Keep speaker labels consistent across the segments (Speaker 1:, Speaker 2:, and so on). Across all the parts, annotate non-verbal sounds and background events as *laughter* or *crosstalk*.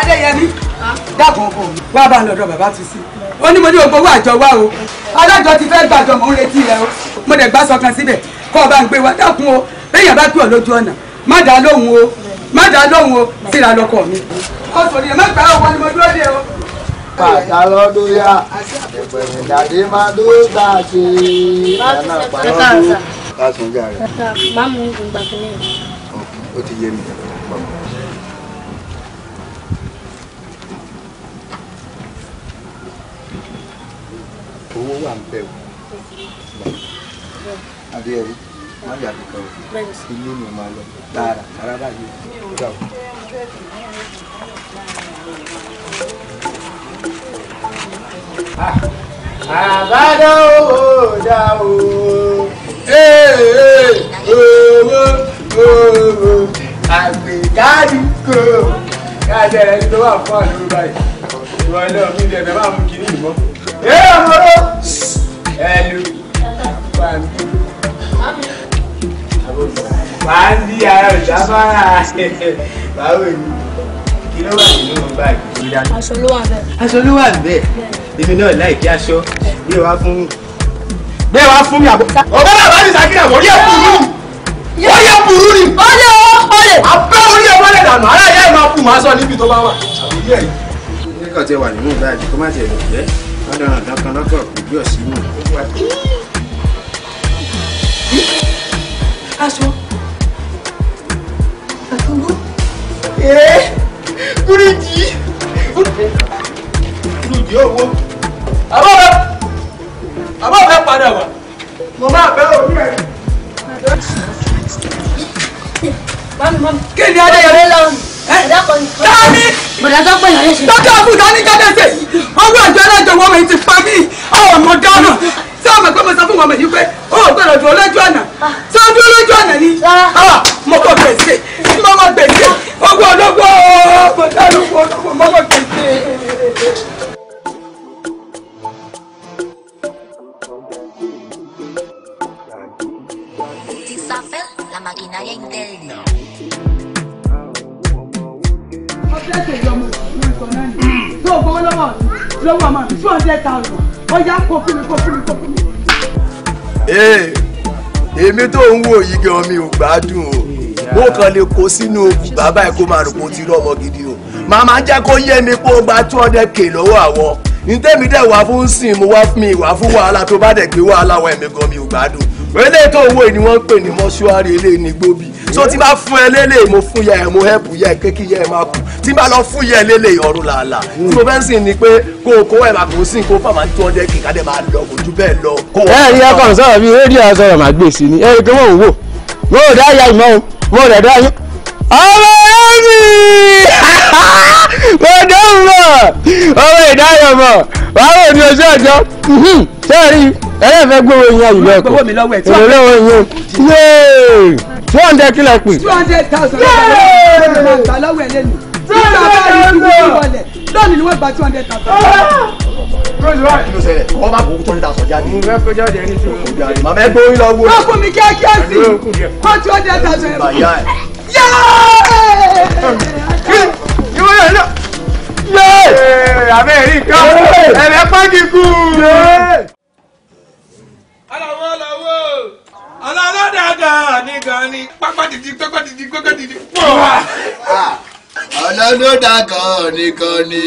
Speaker 1: adéyẹmí dàgbọn bò mí wá bá ń lọ́dọ̀ bàbá tu sí ó ní mo ní gbogbo àjọ wá o alájọ ti fẹ́ gbàjọ mò ń retí rẹ o mo dẹ̀ gbá sọkan síbẹ̀ kọ́ ọ bá ń gbé wa dákun o béèyàn bá pè ọ́ lójú ọ̀nà má dá lóhùn o má dá lóhùn o síra lọkọ mi. ó sòrí ẹ̀ má gbà owó ni mo dúró dé o. bàtà lọ́dún yá ẹ̀pẹ̀rẹ̀ dàdé máa dó gbà ṣe ìyànà pàrọ̀ ọdún. láti ń jà rẹ̀. màmú
Speaker 2: ìgbà kìíní.
Speaker 1: ó ti yé owó wà ń bẹ̀ wò. má yà mí kan ilé mi máa lọ dára rárá báyìí ó dà wò. àbádọ́ owó dá o ah, owó owó àgbèkárí kò kájẹ ẹni tó wà fún àlùbáyé ìwọ ẹlẹ́wọ̀n mi ìdẹ̀bẹ̀ máa mú kiri ìbọn ẹ ọmọdé ẹlú wàá ní ara ìdábára báwo ni
Speaker 3: kí ló wà nínú
Speaker 1: báàgì tó dá.
Speaker 3: aṣọ ló wà bẹ́ẹ̀.
Speaker 1: aṣọ ló wà bẹ́ẹ̀ èmi náà láìpẹ́ aṣọ gbé wá fún gbé wá fún mi àbọ. ọ̀gá bàbá mi sàkínà wọ́n yẹ kúrú wọ́n yẹ kúrú ni. ó lè ó ó lè. abẹ́ orí ẹ̀ wọ́n lè dànù aráyé ẹ̀ máa kú màá sọ níbi tó bá wà. àbúrò ẹ̀ nígbà tí ẹ wà nínú báàgì tó má tiẹ̀ lọ bẹ́ẹ̀. Ada àdán kan lọ́kọ̀ gbígbé ọ̀sìn mọ̀. aṣọ àtúwò ee búrẹ́dì búrẹ́dì owó. àbọ̀ bẹ́ẹ̀ àbọ̀ bẹ́ẹ̀ padà wá. mo máa bẹ́ òbí rẹ̀. mami mami. kí dání tọ́jú àbúdá ní gẹ́gẹ́sẹ̀ yìí ọwọ́ àjọ ẹlẹ́jọ wọn mi ti pa mí ọmọ dáná tí ọmọ ẹgbẹ́ mi sọ fún wọn mi yìí pé ó gbọ́dọ̀ dúró lójú ọ̀nà tí ah. ó dúró lójú ọ̀nà ni ah, mo kọ gbèsè mo kọ gbèsè owó olówó
Speaker 3: mo dáná owó olówó mo kọ gbèsè.
Speaker 1: maquinaria interna. ọ̀sẹ̀ tèmi ọmọ ìlú ìsọ náà ni tó o gbowó lọ́wọ́ lọ́wọ́ ọmọ mi two hundred thousand ó yá kó fún mi mi kó fún mi. ee èmi tó ń wò yìí gan ò gbádùn o mo kàn lè kó sínú bùgbà báyìí kó máa rò pé ti rí ọmọ gidi o màmá jẹ́ kó yé mi pé o gba two hundred k lọ́wọ́ àwọn ntẹ́mi dẹ̀ wá fún sìn mo wá fún mi wá fún wàhálà tó bá dẹ̀ gbé wàhálà wa ẹ̀mí gan mi ò gbádùn eléyìí tó owó ni wọ́n ń pè ní mọ́ṣúárì eléyìí ní gbóbi so tí bá fún ẹ lélẹ̀ mo fún yẹ mo help yẹ kékí yẹ máa kù tí bá lọ fún yẹ lélẹ̀ ọ̀run làálà tí mo fẹ́ sìn ni pé kó o kó ẹ̀ máa kó sìn kó o fàmà tó ọdẹ kìkà dẹ̀ máa lọ kò jù bẹ́ẹ̀ lọ. ẹ rí ọkàn sọ̀rọ̀ mi rédíò sọ̀rọ̀ màá gbèsè ni ẹ rí pé wọ́n ò wò wọ́n ò dá ìyá ìmọ̀ o wọ́n ò dẹ̀ dá yín ọmọ ẹ̀mí ọdọ́ *laughs* mọ̀ ọmọ ìdáyọ̀ mọ̀ báwo ni ojú ọjọ́ mhm. sẹ́ẹ̀rí ẹlẹ́fẹ̀ẹ́ gbówó yín àyùbọ̀ ẹ̀kọ́ èrè lọ́wọ́ yín two hundred kìlọ̀ pè.
Speaker 3: two hundred thousand ọ̀rọ̀ ọ̀rọ̀ lọ́wọ́ ẹ̀ lẹ́nu
Speaker 1: nígbà bá rí ìlú ìwọlẹ̀ lónìí ni wọ́n gba two hundred thousand. Ah! Wọ́n máa
Speaker 3: kó two hundred ẹ̀.
Speaker 1: Yéé! àbẹ́ rí nǹkan ẹ̀rẹ́ pàdínkù. aláwọ̀ aláwọ̀ ah, ọlọ́dàgà nìkan ni pápátìdì pápátìdì pápátìdì pọ̀ wá. ọlọ́dàgà nìkan ni.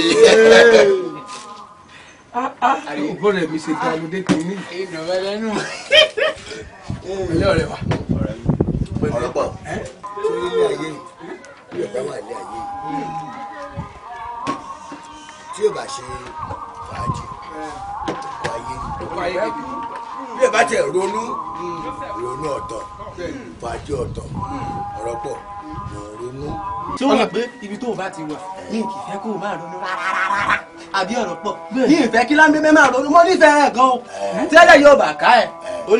Speaker 1: àyùbọ rẹ mi ṣe ta lóde tó ní. ìdọ̀bẹ lẹ́nu. ilé ọ̀rẹ́ wa.
Speaker 3: ọ̀rẹ́ pọ̀ sórí ilé ayé yìí yọ̀dá wà ní ayé yìí tí yóò bá ṣe fàájì
Speaker 1: ọkọ ayé ni bí ẹ bá tẹ ronú ronú ọ̀tọ̀ fàájì ọ̀tọ̀ ọ̀rọ̀ pọ̀ mọ ronú. tí ó mọ̀ pé ibi tó o bá ti wà ní kì í fẹ́ kó o máa ronú rárá àbí ọ̀rọ̀ pọ̀ ní ìfẹ́ kí láńbé mẹ́ máa ronú mọ́ nífẹ̀ẹ́ rẹ̀ gan o tẹ́lẹ̀ yóò bà ká ẹ̀ ó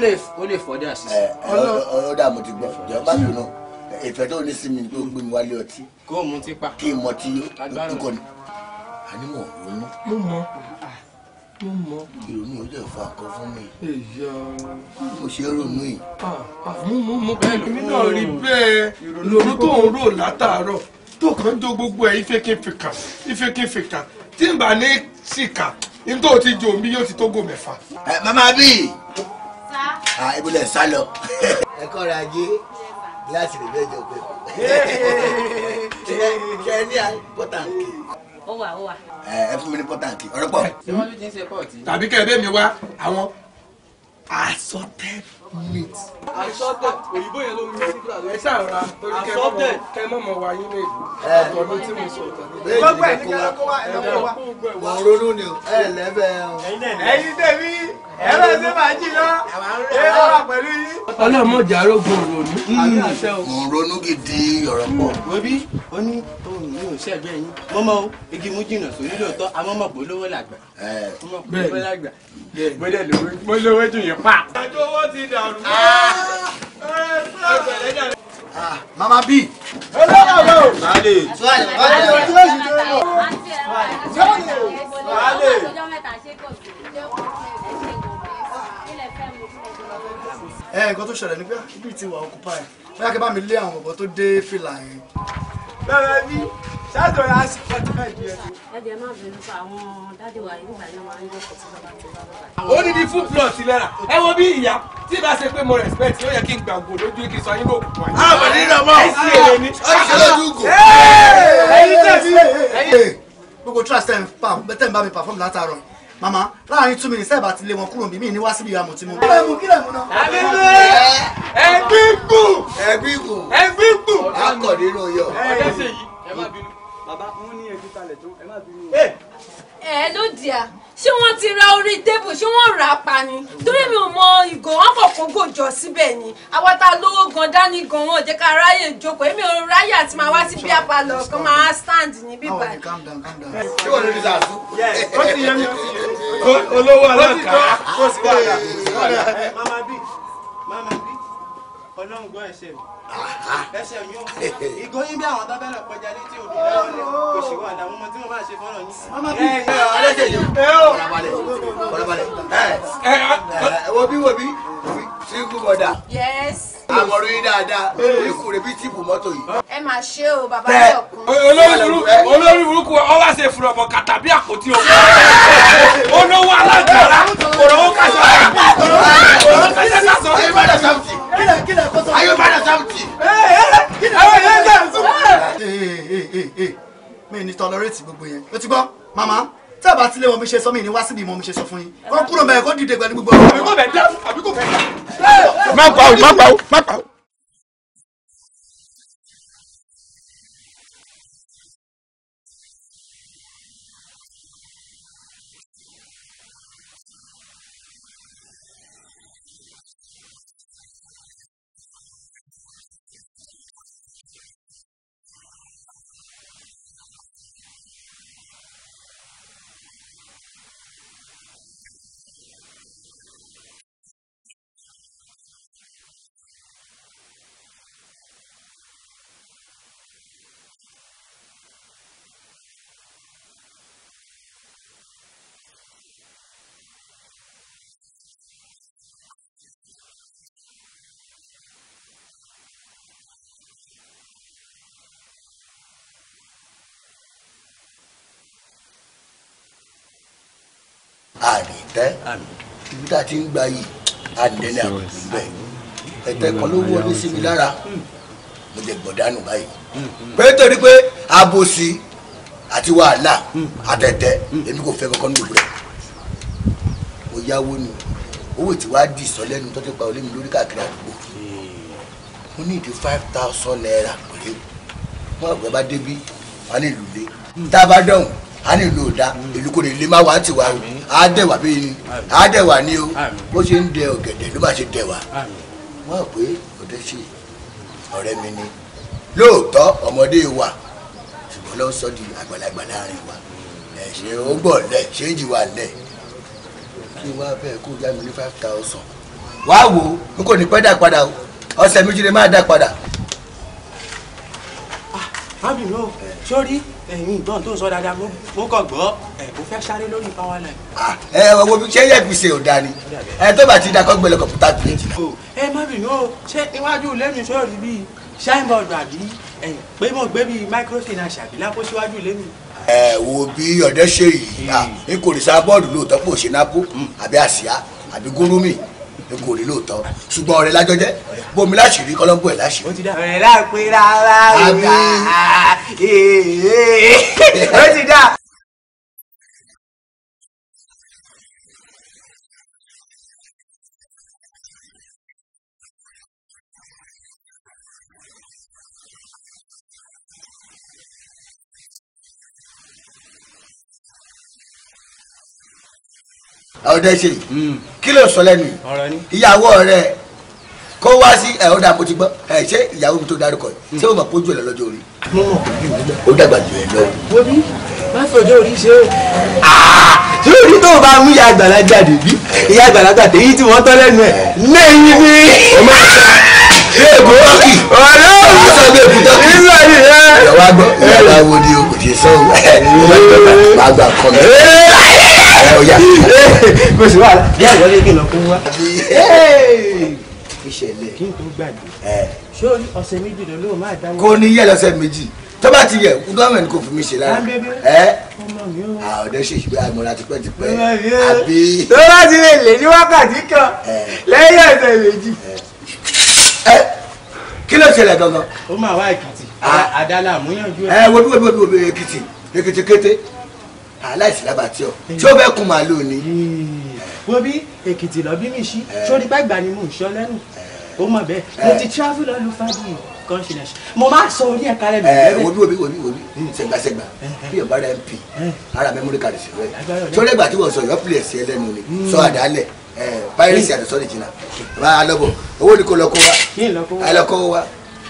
Speaker 1: lè fọ́ dé àṣìṣe. ọlọ́dà mo ti gbọ́ ìjọba bínú ìfẹ́ tó ní sí mi ló gbé mi wálé ọtí kí n mọtí yó nǹkan a ní mò ń ronú. mo mọ mo mọ. ìrònú ò lè fa nǹkan fún mi. mo ṣe é ronú yìí. mo mọ mo bẹ́ẹ̀ lómi náà rí bẹ́ẹ̀ ìrònú tó ń rò látàárọ̀ tó kàn ń jó gbogbo ẹ̀ ifekefikà ifekefikà tí n bá ní sìkà nítorí ti jò mí yóò ti tó gò mẹ́fà. mama bí. sá. ibo lẹ sá lọ. ẹ kọ́ra ajé láti lè bẹ́ẹ̀ jọ pé. kẹ́ ẹ ní àpótà ń kí ó wà ó wà. ẹ fún mi ní pọ́tàkì ọ̀rẹ́ pọ̀. síwájú ti ń ṣe pọ́ọ̀tì. tàbí kẹ́ ẹ bẹ́ẹ̀ mi wá àwọn assorted meat. assorted òyìnbó yẹn ló ń sí fúlàní. ẹ ṣàrà torí kẹ́ mọ́ mọ́ kẹ́ mọ́ mọ́ wáyé lè bù. ọ̀tọ̀ ló tí mo sọ ọ̀tọ̀ ló. gbogbo ẹ̀ ní kẹ́lẹ́ kó wá ẹ̀ lọ́wọ́ wa. mo ronú ni o. ẹ lẹ́bẹ̀ o. ẹ̀yin tèmi ẹ bẹ ṣe máa jí lọ ẹ bá wà pẹ̀lú yín. ọlọ́mọdé arógun ronú. mo ronú gidi ọ̀rọ̀ pọ̀ mi ò ṣẹ̀gbẹ́ yín mọ́mọ́ o igi mú jìnnà sórí lóòótọ́ àmọ́ mọ̀ pé olówó làgbà mọ̀ pé olówó làgbà gbọ́dẹ̀ mo lówó jù yín pa. àjọ owó ti dàrú.
Speaker 3: mama ah! b. olówó lọ. wàhálè. wàhálè ojú èsì tó ń bọ̀. wàhálè. ẹ ah, eh, nǹkan tó ṣẹlẹ̀ ní pé ibi tí wà ọkùpá ẹ̀ bóyá kí bá mi lé àwọn ọ̀bọ tó dé fìlà yẹn bẹ̀rẹ̀ mi
Speaker 2: ṣáàtọ̀ yà á sì fọ́tí bẹ́ẹ̀ yẹn. dáàdi ẹ má bínú fún àwọn dáàdi wa yìí báyìí wọn á yọ ọkọ tí bàbá
Speaker 1: ó ní ní fún plot lẹ́ra ẹ wo bí ìyá tí ìbá ṣe pé mo respect yóò yẹ kí n gbà gbò lójú kí n sọ yín ló kù wáyé. àwọn ní ìrànwọ́ ẹ sì èrè ni. ó ti ṣe lójú gò. ẹyin
Speaker 3: tẹ̀sí gbogbo trust ẹ̀ ń pa bẹ́tẹ̀ ń bá mi perform látàárọ̀ mama láàrin two minutes ẹ̀ bá ti lé wọn kúrò bí mi ní wá síbi ìyá mùtí mu. kí lè mú kí lè mú náà. àbí mi
Speaker 1: ẹbí gùn ẹbí gùn ẹbí gùn. akọ̀dé ló yọ
Speaker 3: wọ́n ní ẹbí kalẹ̀ tán ẹ má fi mí. ẹ ló di à ṣé wọ́n ti ra
Speaker 2: orí tébù ṣé wọ́n rà á pa ni torí mi ò mọ ìgò wọn kò kó gòjọ síbẹ̀ ni àwa ta lówó gan dání gan wọn ò jẹ́ ká ráyè jókòó èmi ò ráyè àti máa wá sí bí apalọ kan máa
Speaker 1: stand ní bíbá. ṣé wọ́n lè rí sàásù. ó ti yẹ mi olówó aláǹkà ó ti dáadáa. mama bí mama ọlọ́run gbọ́ mi
Speaker 3: ẹ̀ṣẹ̀ mi ò ìgò yín bí àwọn tábẹ́lẹ̀ kọjá létí odò kò sì wà dààmú tí wọ́n máa ṣe fọ́nà yín. ẹ ẹ ọlẹ́jẹ̀ yìí kọ̀rọ̀balẹ̀ ẹ
Speaker 1: ẹ wo bí sí kú bọ̀dà àmọ̀rún yín dáadáa ikú rẹ̀ bí tíìpù mọ́tò yìí.
Speaker 2: ẹ mà ṣe o bàbá yóò
Speaker 1: kún. olórí burúkú ọwọ́ àṣẹ ìfúnrọ̀bọ̀ kàtà bí àpótí o. olówó alágbára kò lówó kàṣọ kò lówó kàṣọ kàṣọ. ayé bá dà sáfùtì ayé bá dà sáfùtì.
Speaker 3: mi ni tọ́lọ́rẹ́tì gbogbo yẹn ló ti gbọ́ màmá tí a bá tilẹ̀ wọn mi ṣe sọ mí ni wá síbi ìmọ̀ mi ṣe sọ fún yín kọ́ kúrò mẹ́rin kó dìde pẹ̀lú gbogbo ọ̀rọ̀ dá àbíkò bẹ̀ dá. má pa o má pa o má pa o.
Speaker 1: ẹ ibi tá a ti ń gba yìí
Speaker 3: à ń dẹ́ni àbùkù
Speaker 1: bẹ́ẹ̀ ẹ̀tẹ́ kan ló wọ ní sinmi lára hmm. mo jẹ gbọ̀dánù báyìí hmm, hmm. pé torí pé àbòsí àti wàhálà àtẹ̀tẹ̀ èmi kò fẹ́ kankan ní òwúrẹ̀ mo yáwó ni owó tí wàá di ìsọ lẹ́nu tó ti pa olé mi lórí káàkiri àdúgbò mo ní ìdí five thousand naira péré mo àgbẹ̀ bá débi wà ní ìlú lé tá a bá dọ̀hùn a ní ìlú òda ìlú kò ní má wà á ti wà o á dẹ̀wà bí ni á dẹ̀wà ni o bó ṣe ń dẹ ọ̀gẹ̀dẹ̀ ló bá ṣe dẹ̀wà wọ́n pé ọ̀dẹ́ ṣe ọ̀rẹ́ mi ni lóòótọ́ ọmọdé wa ṣùgbọ́n ló ń sọ di àgbàlagbà láàrin wa ẹ̀ ṣe ó gbọ̀ lẹ̀ ṣe ń jìwà lẹ̀ kí wá bẹ́ẹ̀ kó yá mi ní five thousand wá wò n kò ní pẹ́ dà padà o ọ̀sẹ̀ méjì ẹ̀yin ìgbọ́n tó ń sọ dáadáa mo kàn gbọ́ ẹ̀ mo fẹ́ sáré lórí power line. Ah, ẹ ẹ wo bí ṣé yẹ kí ṣe ò da ni ẹ tó bá ti da kọ́ gbẹlẹ kọ̀pútà tó ń jìnnà. Oh, ẹ má bínú o ṣé iwájú lẹ́nu sọ̀rọ̀ rí bíi signboard àbí pé mo gbé bíi microfinance àbí lápò síwájú lẹ́nu. ẹ wo bí ọ̀dẹ́ ṣe yìí ah, n kò lè sa bọ́ọ̀lù lóòótọ́ pò ṣe nápó hmm, àbí àsíá àbí gúrúmì n kò rí lóòótọ́ ṣùgbọ́n ọ̀rẹ́ lájọ jẹ́ bomi láṣìírí kọ́lọ́bù ẹ̀ láṣìírí. ọ̀rẹ́ lápẹ́ rárá o *laughs* ti dá ọdẹ ṣe hmm. kí ló sọ lẹ́nu ìyàwó rẹ kó wá sí ẹ ọdẹ àpótí gbọ ẹ ṣé ìyàwó mi tó dárúkọ hmm. ṣé o mọ pójú ẹ lọ lọ́jọ́ orí. mo mọ kò bí o dàgbà jù ẹ lọ. wo bí má fi ọjọ́ orí ṣe o. tí o ní tó o bá mú ìyá àgbàlagbà dèbí ìyá àgbàlagbà tèyí tí wọ́n tọ́ lẹ́nu ẹ̀ lẹ́yìn ni. ṣéèbù ọkì ọlọ́run sọ pé kùtọ́ kì í sọ ní rẹ. ìyàwó àgbọ̀ ìyàwó àwòdì òkùnjẹ sọ́ọ̀ rẹ ọ̀yà kò sí wàhálà bí àwọn ọlẹ́gẹ̀ lọ fún wa. ìṣẹ̀lẹ̀ kí n tó gbàgbé ṣé ọ̀sẹ̀ méjì lọ lóò máa dáwọ́. kò ní yẹ lọ́sẹ̀ méjì tó bá ti yẹ gọ́ọ̀mẹ̀ntì kò fún mi ṣe lára ẹ ọ̀dẹ ṣe ìṣubú àmọ́ra tipẹ́tipẹ́ àbí. tó bá ti lè lè ní wákàtí kan lẹ́yìn ọ̀sẹ̀ méjì. kí ló ṣẹlẹ̀ gangan. ó máa wá èkìtì ah. àdálà àmúyànjú ẹ. ẹ wo bí wo bí wo bí èkìtì èkìtì kété aláìsí lábàtí ọ hmm. tí ó bẹ́ẹ̀ kún màálùú ni. Hmm. wo bí èkìtì lọ bí mi sí eh. sórí gbàgbà ni mò ń sọ lẹ́nu eh. ó mọ̀ bẹ́ẹ̀ mo ti eh. travel lọ lu fadi consciousness mo máa sọ orí ẹ̀ka rẹ̀ mi. ẹ wo bí wo bí wo bí wo bí hmm. sẹgbàsẹgbà
Speaker 3: bí ọba rẹ ń ara memory card sí rẹ sórí ẹgbà tí
Speaker 1: wọ́n sọ yọpìlì ẹ̀sìn ẹlẹ́nu ni sọ àdálẹ̀ piracy àdìsọ́ọ̀dì jìnnà bá a lọ́bọ̀ owó ni kò lọ́kọ́ wa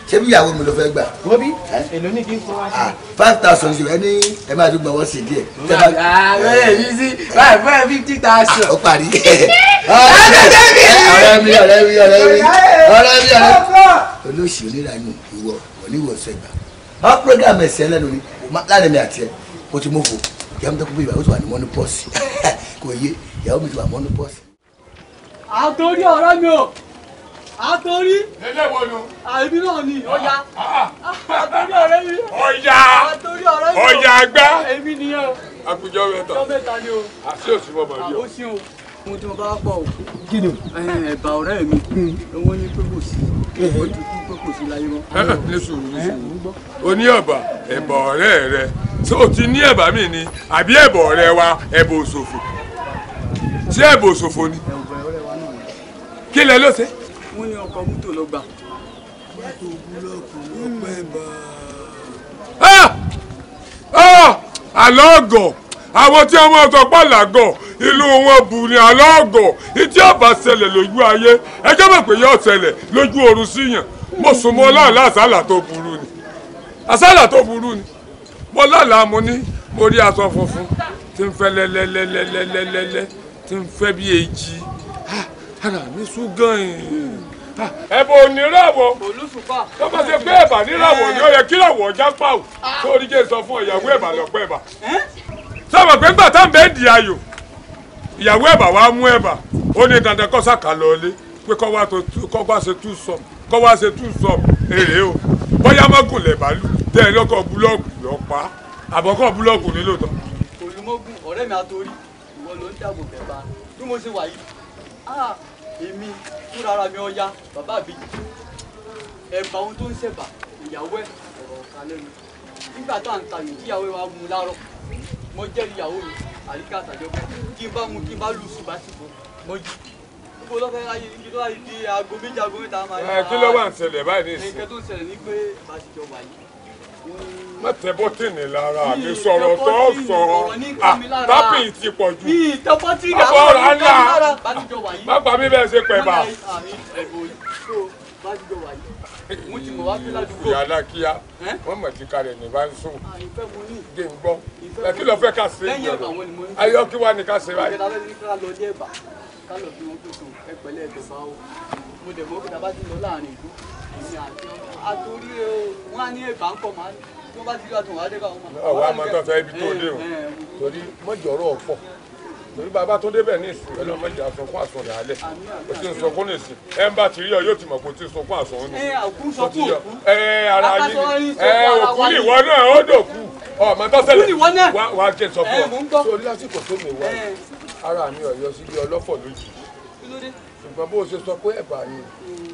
Speaker 1: ṣé bí ìyàwó mi ló fẹ́ gbà. gobi èlò ní kí n kó wá sí. five thousand ṣùgbọ́n ẹni ẹ máa tún gbọ́wọ́ sí díẹ̀. ààrẹ mi sí five five fifty thousand. ó parí. ọ̀rẹ́ mi ọ̀rẹ́ mi ọ̀rẹ́ mi ọ̀rẹ́ mi ọ̀rẹ́ mi. olóṣì onírànú ìwọ oníwọ̀sẹ̀ gbà. wọ́n program ẹ̀sẹ̀ lẹ́nu ni láàrin mi àti ẹ̀ o ti mú fo ìyá mi tó kú bí ìyàwó tó wà ní mọ́nú pọ́ọ̀sì kò yé ìyàwó mi tó wà mọ́nú pọ́ọ̀sì. àtòrí ọ̀rọ̀ mi ò àtọ́rí. eléwo nu. àìbí náà ni ah, ọ̀yà. Ah, ah. àtọ́rí ọ̀rẹ́ mi. ọ̀yà àtọ́rí ọ̀rẹ́ mi. ọ̀yà àgbá. èmi nìyẹn o. àkùjọ mẹ́ta. àkùjọ mẹ́ta ni o. àti òsì mọ̀ màrí o. àbòsí o.
Speaker 3: mo ti mo bá pọ̀ o. gíni. ẹ̀bà ọ̀rẹ́ mi. Hmm. owó ní pé kò sí. ó ti kú pé kò sí láyé mọ́. *laughs* ní sùúrù ní sùúrù.
Speaker 1: o ní ọ̀bà ẹ̀bà ọ̀rẹ́ rẹ ṣé o ti ní ẹ̀bà mi ni àbí ẹ̀bà ọ̀rẹ́ wa ẹ̀bà òṣòfò ṣé ẹ̀bà òṣòfò ni kí lẹ ló ṣe
Speaker 3: wọ́n ní ọkọ̀ mọ́tò lọ gbà. mọ́tò búlọ́ọ̀kù ló hmm. pẹ́
Speaker 1: bá a. Ah! Ah! àlọ́ ọ̀gọ̀ àwọn tí wọ́n sọ pàlàgọ̀ ìlú wọn bù ní àlọ́ ọ̀gọ̀ ìtí ọ̀bà ṣẹlẹ̀ lójú ayé ẹjọ́ mọ̀ pé yóò ṣẹlẹ̀ lójú oorun síyàn mo sùn mọ́ láàlá àsálà tó burú ni àsálà tó burú ni mo lálàá mo ní mo rí aṣọ funfun tí ń fẹ́ lẹ́lẹ́lẹ́lẹ́lẹ́lẹ́ tí ń fẹ́ bí èjì ah! ara mi sún gan-an ẹ̀bùn oníràwọ̀ tó bá ṣe pé ẹ̀bà níràwọ̀ ni ó yẹ kí ràwọ̀ ọjà pàwọ̀ ah. tó rí jẹ́ sọ fún ìyàwó ẹ̀bà lọ́pọ̀ ẹ̀bà sọ̀rọ̀ pé ńgbà tá à ń bẹ́ẹ̀ di ayò ìyàwó ẹ̀bà wa mú ẹ̀bà ó ní dandan kọ́ sàkà lọ́ọ́lé pé kọ́ wá ṣe tú sọ̀m kọ́ wá ṣe tú sọ̀m èrè o bóyá mọ́gùn lẹ̀ bá lù tẹ́ ẹ lọ́kọ̀ búlọ́ọ̀gù pa, àbọ̀kọ̀ búlọ́ọ̀gù nílò tán.
Speaker 3: olùmọ̀gùn ọ̀rẹ́ mi àtòrí ìwọ ló ń dàgbò bẹ̀ bá bí mo ṣe wà yìí ah, èmi fúnra ara mi ọya bàbá àbíyí ẹ̀bà ohun tó ń ṣẹ̀bà ìyàwó ẹ̀ ọ̀rọ̀ ọ̀ka lẹ́nu nígbà tá à ń tayò kíyàwó wa mú lárọ̀ mo jẹ́rìí ìyàwó mi àríkà àtàjọpẹ́ kí n bá mu kí n bá lù sùn bá sì fọ́ mo jí gbogbo lọ́fẹ́ láyé ibi tó wáyé di aago méjì aago mẹ́ta máa yá. kí ló wà ń ṣẹlẹ̀ báyìí ní a ti má
Speaker 1: tẹ bọ́tìnì lára mi sọ̀rọ̀ tó sọ tápì ti pọ̀ jù àbọ̀rọ̀ ńlá
Speaker 3: má bà mí bẹ́ẹ̀ ṣe pẹ̀bà. yàrá
Speaker 1: kíá wọ́n mọ̀ ti kalẹ̀ ní bá ń sùn gé ń gbọ́ kí ló fẹ́ ká ṣe é jọ̀rọ̀ ayọ́ kí wá ní ká ṣe báyìí.
Speaker 3: mo dẹ̀ mọ́ kí n bá ti lọ láàrin ìlú ìyá àti ọmọ àtòrí o wọ́n á ní èbá ń kọ̀ máa ń tó bá ti rí àtùn àdé káwọn máa.
Speaker 1: ọwọ àmọ fẹ ibi tó dé o eh, eh, eh. torí mọjọrọ ọ̀pọ̀ torí bàbá tó débẹ̀ ní ìsìn ẹlọ mọjà sọkún àsùn rẹ alẹ kò tí sọkún ní ìsìn ẹ ń bá ti rí ọ yóò ti mọ kò tí ń sọkún àsùn ní. ẹ òkú sọkún ẹ ara yín ẹ òkú ìwọ náà ó dòkú ọmọ tó ṣẹlẹ̀ wà á jẹ sọkún ọ sórí lásìkò tó mi wá ara mi ọyọ sí bí ọlọ́fọ̀ lójì ṣùgbọ́n bó o ṣe sọ pé ẹ̀bà yìí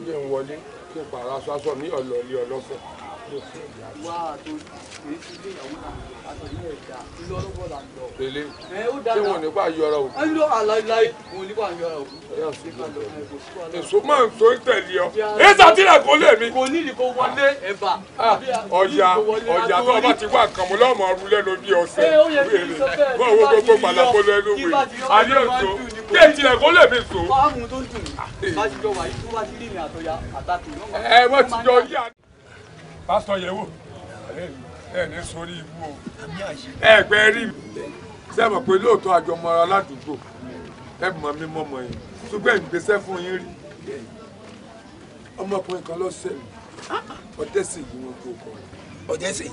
Speaker 1: yé ń wọlé kí n pààrọ̀ aṣọ aṣọ ní ọ̀lọ́ọ̀lẹ́ ọlọ́fọ̀ tẹ̀lé ṣé wọn nípa yọra òkú. ayi ló àlàyé wọn nípa yọra òkú. èso máa ń tó ń tẹ̀lé ọ. èsà tí ra kò lé mi. kò ní ìdíkò wọlé ah, ẹ̀bà. ọjà ọjà tó o ti wá kàn mọ́ lọ́mọ ló bí ọ̀sẹ̀. wọ́n wo gbogbo pàlàpọ̀ lẹ́nu wẹ̀. ayé èso
Speaker 3: kí èjì rẹ̀ kò lé mi so. fáàmù tó dùn ah, eh. bá ti jọ wáyé tó bá àtàkùn. ẹ eh, wọ́n ti jọ yí àná
Speaker 1: pásítọ̀ yẹ̀wò ẹ ní sórí ibú o ẹgbẹ́ rí mi sẹ́mọ̀ pé lóòótọ́ àjọmọ́ aládùúgbò ẹ mọ̀ mí mọ̀ mọ̀ yẹn ṣùgbọ́n ìgbésẹ̀ fún yín rí ọmọkùnrin kan lọ́sẹ̀ mi ọdẹ sì yí wọn tó kọ ọdẹ sì.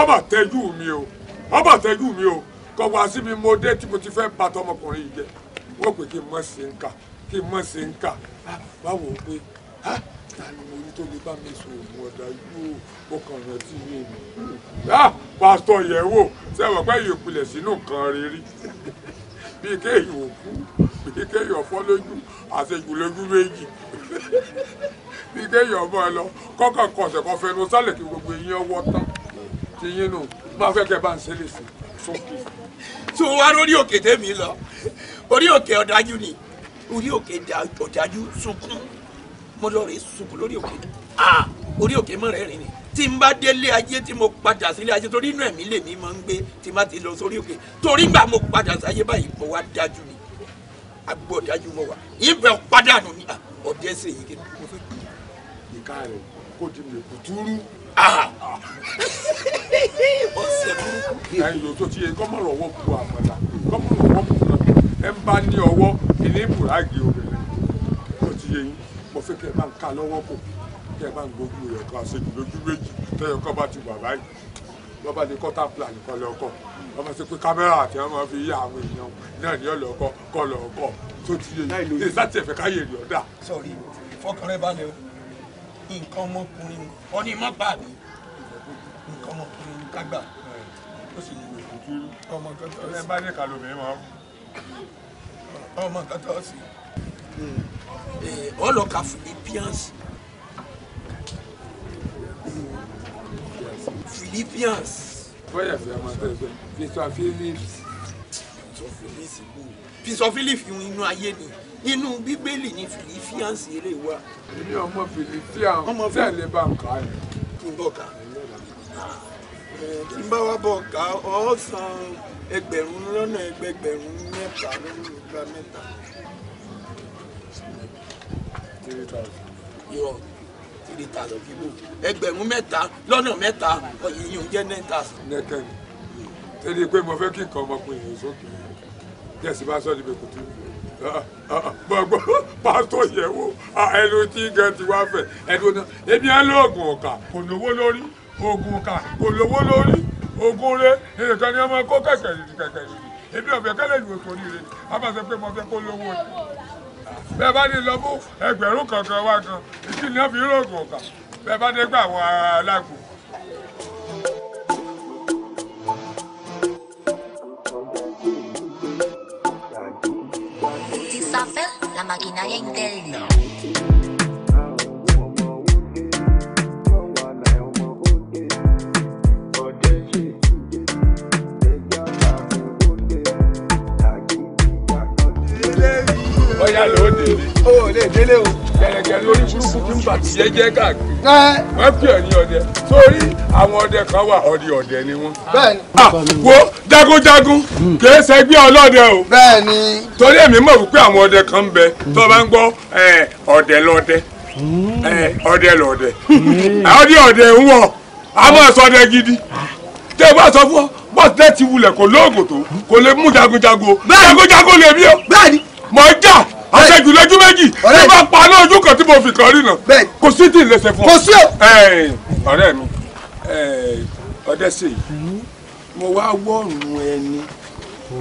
Speaker 1: ọmọ tẹjú mi o ọmọ tẹjú mi o kọ wá sí mi mo dé tí mo ti fẹ́ bá tọmọkùnrin yìí jẹ wọ́n pè kí n mọ̀ sí ń kà kí n mọ̀ sí ń kà báwo pé ariwo orí tó lè bá mi sọ òògùn ọ̀dà yóò ọkàn rẹ̀ sí mi nù. Ah, pásítọ̀ yẹ̀ wò sẹ́wọ̀n pé yìí pilẹ̀ sínú kan rírí bíi kéèyàn òkú bíi kéèyàn ọ̀fọ́ lójú àṣejù lójú méjì bíi kéèyàn ọmọ ẹ lọ kọ́kàn kọ̀ọ̀sẹ̀ kan fẹnu sálẹ̀ kí gbogbo eyín ọwọ́ tán ti yín nù máa fẹ́ kẹ́ bá ń ṣe lè sìn sókè. tó wá lórí òkè tèmi lọ orí òkè ọ̀dájú ni orí òkè ọ̀dájú sunkún mo lọ rè ṣubú lórí òkè ah orí òkè mọ̀ rẹ̀ rìn ni tí n bá délé ayé tí mo padà sílé ayé torí inú ẹ̀mí lèmi máa ń gbé tí n bá ti lọ sórí òkè torí gbà mo padà sáyé báyìí mo wá dájú ni agbó dájú mo wà ibẹ̀ padà nù ní ọ̀dẹ́ ṣe yìí kí mo fẹ́ kú. ìka rẹ kò di mi kò túrú. ọ̀sẹ̀ burúkú. ẹ̀yin ló tó ti yẹ kọ́mọ̀ lọ́wọ́ bu àmàlà kọ́mọ̀ lọ́wọ́ bu náà ń bá ní ọwọ́ kì ní bùrágì obìnrin tó ti yẹ yín mo fẹ́ kẹ́ ẹ bá ń ka lọ́wọ́ kò kẹ́ ẹ bá ń gbójú rẹ̀ kọ́ àṣejù lójú méjì tẹ́yọ kọ́ bá ti wà báyìí lọ́ba ní kọ́tà plan kọ́ lọ́kọ́ ọmọ sí pé kámẹ́rà àti ọmọ fi yá àwọn èèyàn náà ní ọlọ́kọ́ kọ́ lọ́kọ́ tó ti yé yìí láti ẹ̀fẹ̀ káyè rí ọ̀dà. sọ̀rí ìfọkànrẹ́ balẹ̀ o nǹkan ọmọkùnrin ọ ní má bà mí nǹkan ọmọkùnrin kágbà ó sì ní ìwé ìtúrú ọmọ kẹtọ sí ọmọ kẹtọ sí ó lọ ka Philippians Philippians. bóyá fi àmọ́ tẹ̀ sọ fisọ philips. fisọ philips bò fisọ philips inú ayé ni nínú bíbélì ni Philippians eré wa. èmi ọmọ Philippians tẹ̀lé bá ń kà á ni. kí n bọ̀ ká eh, tí n bá wá bọ̀ ká ọ̀ san ẹgbẹ̀rún lọ́nà ẹgbẹ̀gbẹ̀rún mẹ́ta lórí ìgbà mẹ́ta three thousand. irọ́ three thousand fíbò ẹgbẹ̀rún mẹ́ta lọ́nà mẹ́ta ọ̀yìn yìí ń jẹ́ nine thousand. nẹ́kẹ́ni tẹ́lẹ̀ pé mo fẹ́ kí nǹkan ọmọkùnrin yìí sókè jẹ́sí bá sọ́ọ́ níbi kùtù ah, ah, ah, gbogbo pàtó yẹ̀wò ẹnu tí gẹ̀ ti wá fẹ̀ ẹnu náà ebi á lóògùn ọ̀kà kò lówó lórí oògùn ọ̀kà kò lówó lórí oògùn rẹ ẹnìkan ni ọmọ kó kẹ̀kẹ́ kẹ̀kẹ́ ebi ọ̀fẹ́ kẹ́lẹ́ ìlú òtò oníire a máa sọ pé mo fẹ́ kó lówó ni bẹ́ẹ̀ bá ní lọ ẹgbẹ̀rún kankan wá gan ìdí náà fi rògùn ọ̀gá bẹ́ẹ̀ bá dé gbà àwọn alágbò. Isabel, la maquinaria interna. délé o kẹ̀kẹ́ lórí burúkú kí n bà tí yẹ jẹ́ káàkiri wọ́n pè ọ́ ní ọdẹ sórí àwọn ọdẹ kan wà ọdẹ ọdẹ ni wọ́n. bẹ́ẹ̀ni. Ah, wo jagunjagun hmm. kìí ṣẹgbẹ́ ọlọ́dẹ o. bẹ́ẹ̀ni. torí èmi mọ̀ wípé àwọn ọdẹ kan ń bẹ tó bá ń gbọ́ ọdẹ lọ́dẹ hmm. ọdẹ lọ́dẹ ọdẹ hmm. ọdẹ ń wọ̀
Speaker 3: a máa
Speaker 1: gidi tẹ́ ẹ bá sọ fún ọ bọ́ọ̀sì náà ti wulẹ̀ kò lóògùn tó kò lè mú jagunjagun jagunjagun lè mí o mọ̀ ọ́ jà ṣẹ́jú lójú méjì tí bá pa lójú kan tí mo fi kan rí nà kò sí tí ì lẹsẹ̀ fún ọ. kò sí o. ọ̀rẹ́ mi ọdẹ ṣe yìí mo wá wọ́ọ̀mù ẹni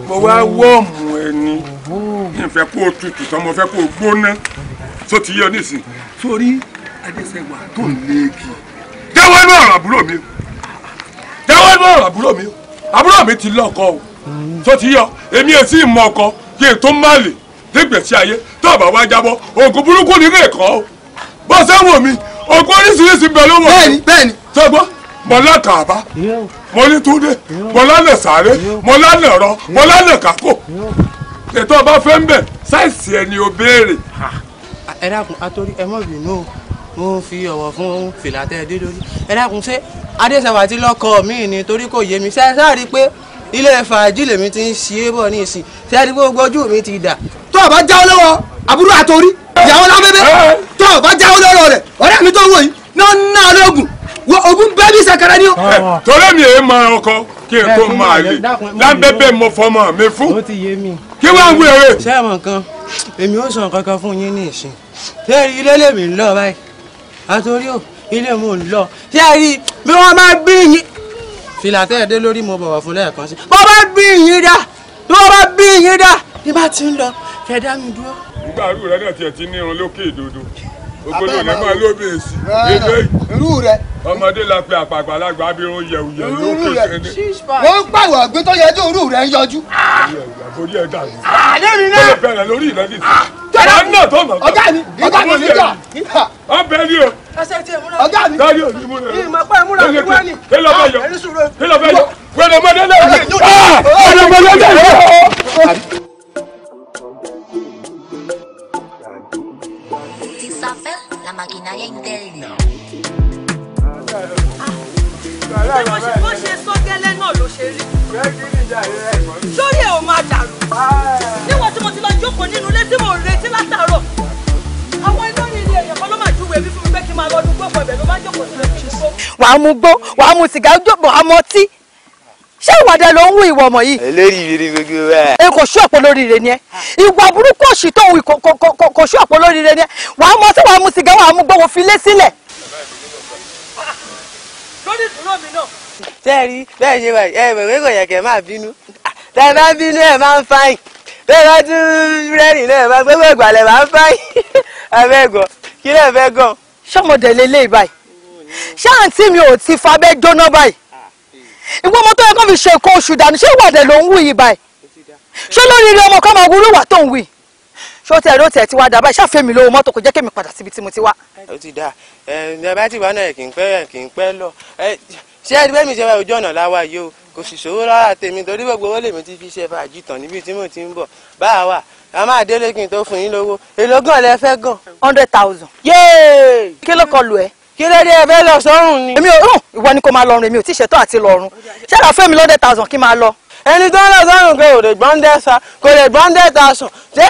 Speaker 1: mo wá wọ́ọ̀mù ẹni ní ìfẹ́ kó o tutù tán mo fẹ́ kó o gbóná tó ti yọ nísìnyí. sórí adéṣẹ́wà tó ń lé kí. dáwọ́ inú ọ̀rọ̀ àbúrò mi dáwọ́ inú ọ̀rọ̀ àbúrò mi àbúrò mi ti lọ́kọ o tó ti yọ èmi ò sí ìmọ̀ ọkọ kí n tó má lè dégbèsí ayé tó o bá wá jábọ́ oògùn burúkú ní ilé ẹ̀kọ́ o bó ṣe ń wò mí oògùn oríṣiríṣi bẹ ló wọ. bẹ́ẹ̀ni bẹ́ẹ̀ni. sọgbọ mọlá kàbá mọlí túndé mọlá nà sáré mọlá nà rọ mọlá nà kákò ètò ọba fẹ́ ń bẹ̀ sáìsì ẹni ò béèrè. ẹ dákun atori ẹ mọ̀ bínú o mo fi ọ̀wọ̀ fún fìlà tẹ́ ẹ ẹ dákun ṣé adéṣẹ́wà ti lọ́kọ mi ni torí kò yé mi ṣe rí i pé ilé fàájì lèmi ti ń ṣe é bọ̀ ní ìsìn tí a ti gbogbo ojú mi ti dà. tó o bá jáwọ́ lọ́wọ́ àbúrò àtòrí ìyàwó lábẹ́bẹ́ tó o bá jáwọ́ lọ́wọ́ rẹ̀ ọ̀rẹ́ mi tó wò yìí náà ń lóògùn wo ogun bẹ́ẹ̀ bí sàkàrà ni o. torí mi èé mọ ọkọ kí n kó máa lè lábẹ́bẹ́ mo fọmọ mi fún kí wọ́n ń wéere. sẹ́wọ̀n kan èmi ò sàn kankan fún yín ní ìsìn tẹ́ẹ̀rí ilé lèmi ń lọ báyìí àtòrí ò ilé mò ń lọ tẹ́ẹ̀rí bí wọ́n bá bí fìlà tẹ́ ẹ dé lórí mo bọ̀wọ̀ fún lẹ́ẹ̀kan sí. bó bá gbé yín dá bó bá gbé yín dá bí bá ti ń lọ fẹ́ dá mi dúró. nígbà àrùn rẹ náà tiẹ̀ ti ní irun lókè ìdodo ògbóló ní máa lóbi èsì ilé yìí ọmọdé la pe àpàgbà lágbà abirun yẹwùyẹ lókè kéde. wọ́n ń pàwọ̀ ọ̀gbìn tó yẹjú òru rẹ̀ ń yọjú. àforí ẹ̀ dàbí. àdéhùn ah, náà tó lè bẹ̀rẹ̀ lórí ìrẹ́lẹ̀ ah, tí. tọ́lá náà tó mọ̀. ọ̀gá mi ọ̀gá mi níjà. ọbẹ̀ ni o. ẹsẹ̀ tí èmúra. ọ̀gá mi dárí òní múra. ìmọ̀ pé èmúra mi wá ní. kí ló fẹ́ ah, yọ kí ló fẹ́ yọ wẹ̀rẹ̀ mọ́dẹ́lẹ̀ Zapper, la maquinaria interna. bí mo ṣe sórí ẹ̀ ò máa dàrú. níwọ̀n tí mo ti lọ jókòó nínú ilé tí mò retí látàárọ̀. àwọn iná ni ilé ẹ̀yẹ̀kọ́ ló máa júwèé bí mi pé kí n máa lọ dùn gbọ́pọ̀ ló máa jókòó sílẹ̀ kí n gbó.
Speaker 2: wàá mu gbó wàá mu sìgá wàá mu ọtí
Speaker 1: ṣé ìwàdà ló ń wú ìwà ọmọ yìí. olórí rere gbogbo wa. ẹ kò sí ọ̀pọ̀ lóríire ni ẹ ìwà burúkú òṣì tó ń wí kò sí ọ̀pọ̀ lóríire ni ẹ wàá mọ sí wàá mu sìgá wàá mu gbọ́wọ́ fi lé sílẹ̀.
Speaker 2: lórí ìdúró mi náà.
Speaker 1: bẹ́ẹ̀ rí bẹ́ẹ̀ ṣe wà ẹ mọ̀ pé kò yẹ kẹ́ máa bínú tẹ́ ẹ bá bínú ẹ máa ń fáyìn bẹ́ẹ̀ bá tún rẹ́rìn náà máa gbẹ́gbẹ́ ìgbàlẹ̀ máa ń fáyìn abẹ́gọ̀ *laughs* kí náà fẹ́ gàn. ṣọmọdé lélẹ́yìí báyìí ṣáà àǹtí mi ò ti fa abẹ́ jóná báyìí ìwọ ọmọ tó yẹ kó fi ṣe nǹkan oṣù dànù ṣé ìwàdẹ ló ń wù yìí báyìí ṣé lóríire ọmọ kan máa wúrú wà tó ń wì ṣó tẹ ló tẹ ti wá dà báyìí ṣàfẹ́mi lówó mọ́tò kò jẹ́ kémi padà síbi tí mo ti wá. ó ti dà ẹ ẹ bá ti wá náà kì í pẹ́ kì í pẹ́ lọ ẹ ṣé ẹ bẹ́ẹ̀ mi ṣe wá ojú ọ̀nà láwa yìí o kò sì ṣòwò rárá tèmi torí gbogbo owó lèmi ti fi ṣe fàájì tán níbi tí mo ti ń bọ̀ báà wà a máa délé kí n tó fún yín lówó èlò gan lẹ fẹ́ gan. hundred thousand. yéé kí ló kọ lù ẹ́ kí ló dé ẹbẹ lọ sọ́run ni. èmi ò ìwọ ni kò máa lọ́run èmi ò tí ì ṣètò àti lọ́run ṣáà fún mi lọ́dẹ̀ thousand kí máa lọ. ẹni tó ń lọ sọ́run pé kò lè gbọ́n dẹ́sà kò lè gbọ́n dẹ́ta sùn ṣé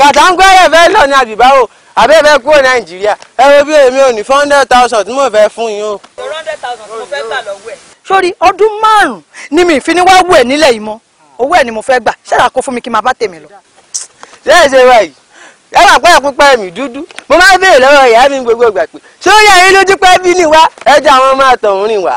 Speaker 1: kàtàǹgbẹ́rẹ́ fẹ́ lọ ní àdìbáwò àbẹ́ fẹ́ kúrò nàìjíríà ẹ wo bí èmi ò ní four hundred thousand tí mo fẹ́ fún yín o. hundred thousand tí mo fẹ́ gbà lọ́wọ́ ẹ̀. sórí ọdún márùn-ún ni mi ìfini wá wù ẹ̀ nílẹ̀ yìí mọ́ owó ẹ̀ ni mo fẹ́ gbà ṣáà kó fún mi kí n máa bá tèmi lọ. ṣé ẹ wà pẹ́ ẹ̀kúnpẹ́ mi dúdú mo máa ń béèrè lọ́wọ́ ìyá mi gbogbo ìgbà pé sórí ẹ̀yin lójú pẹ́ bí ni wá ẹja àwọn máa tọ̀hún rìn wá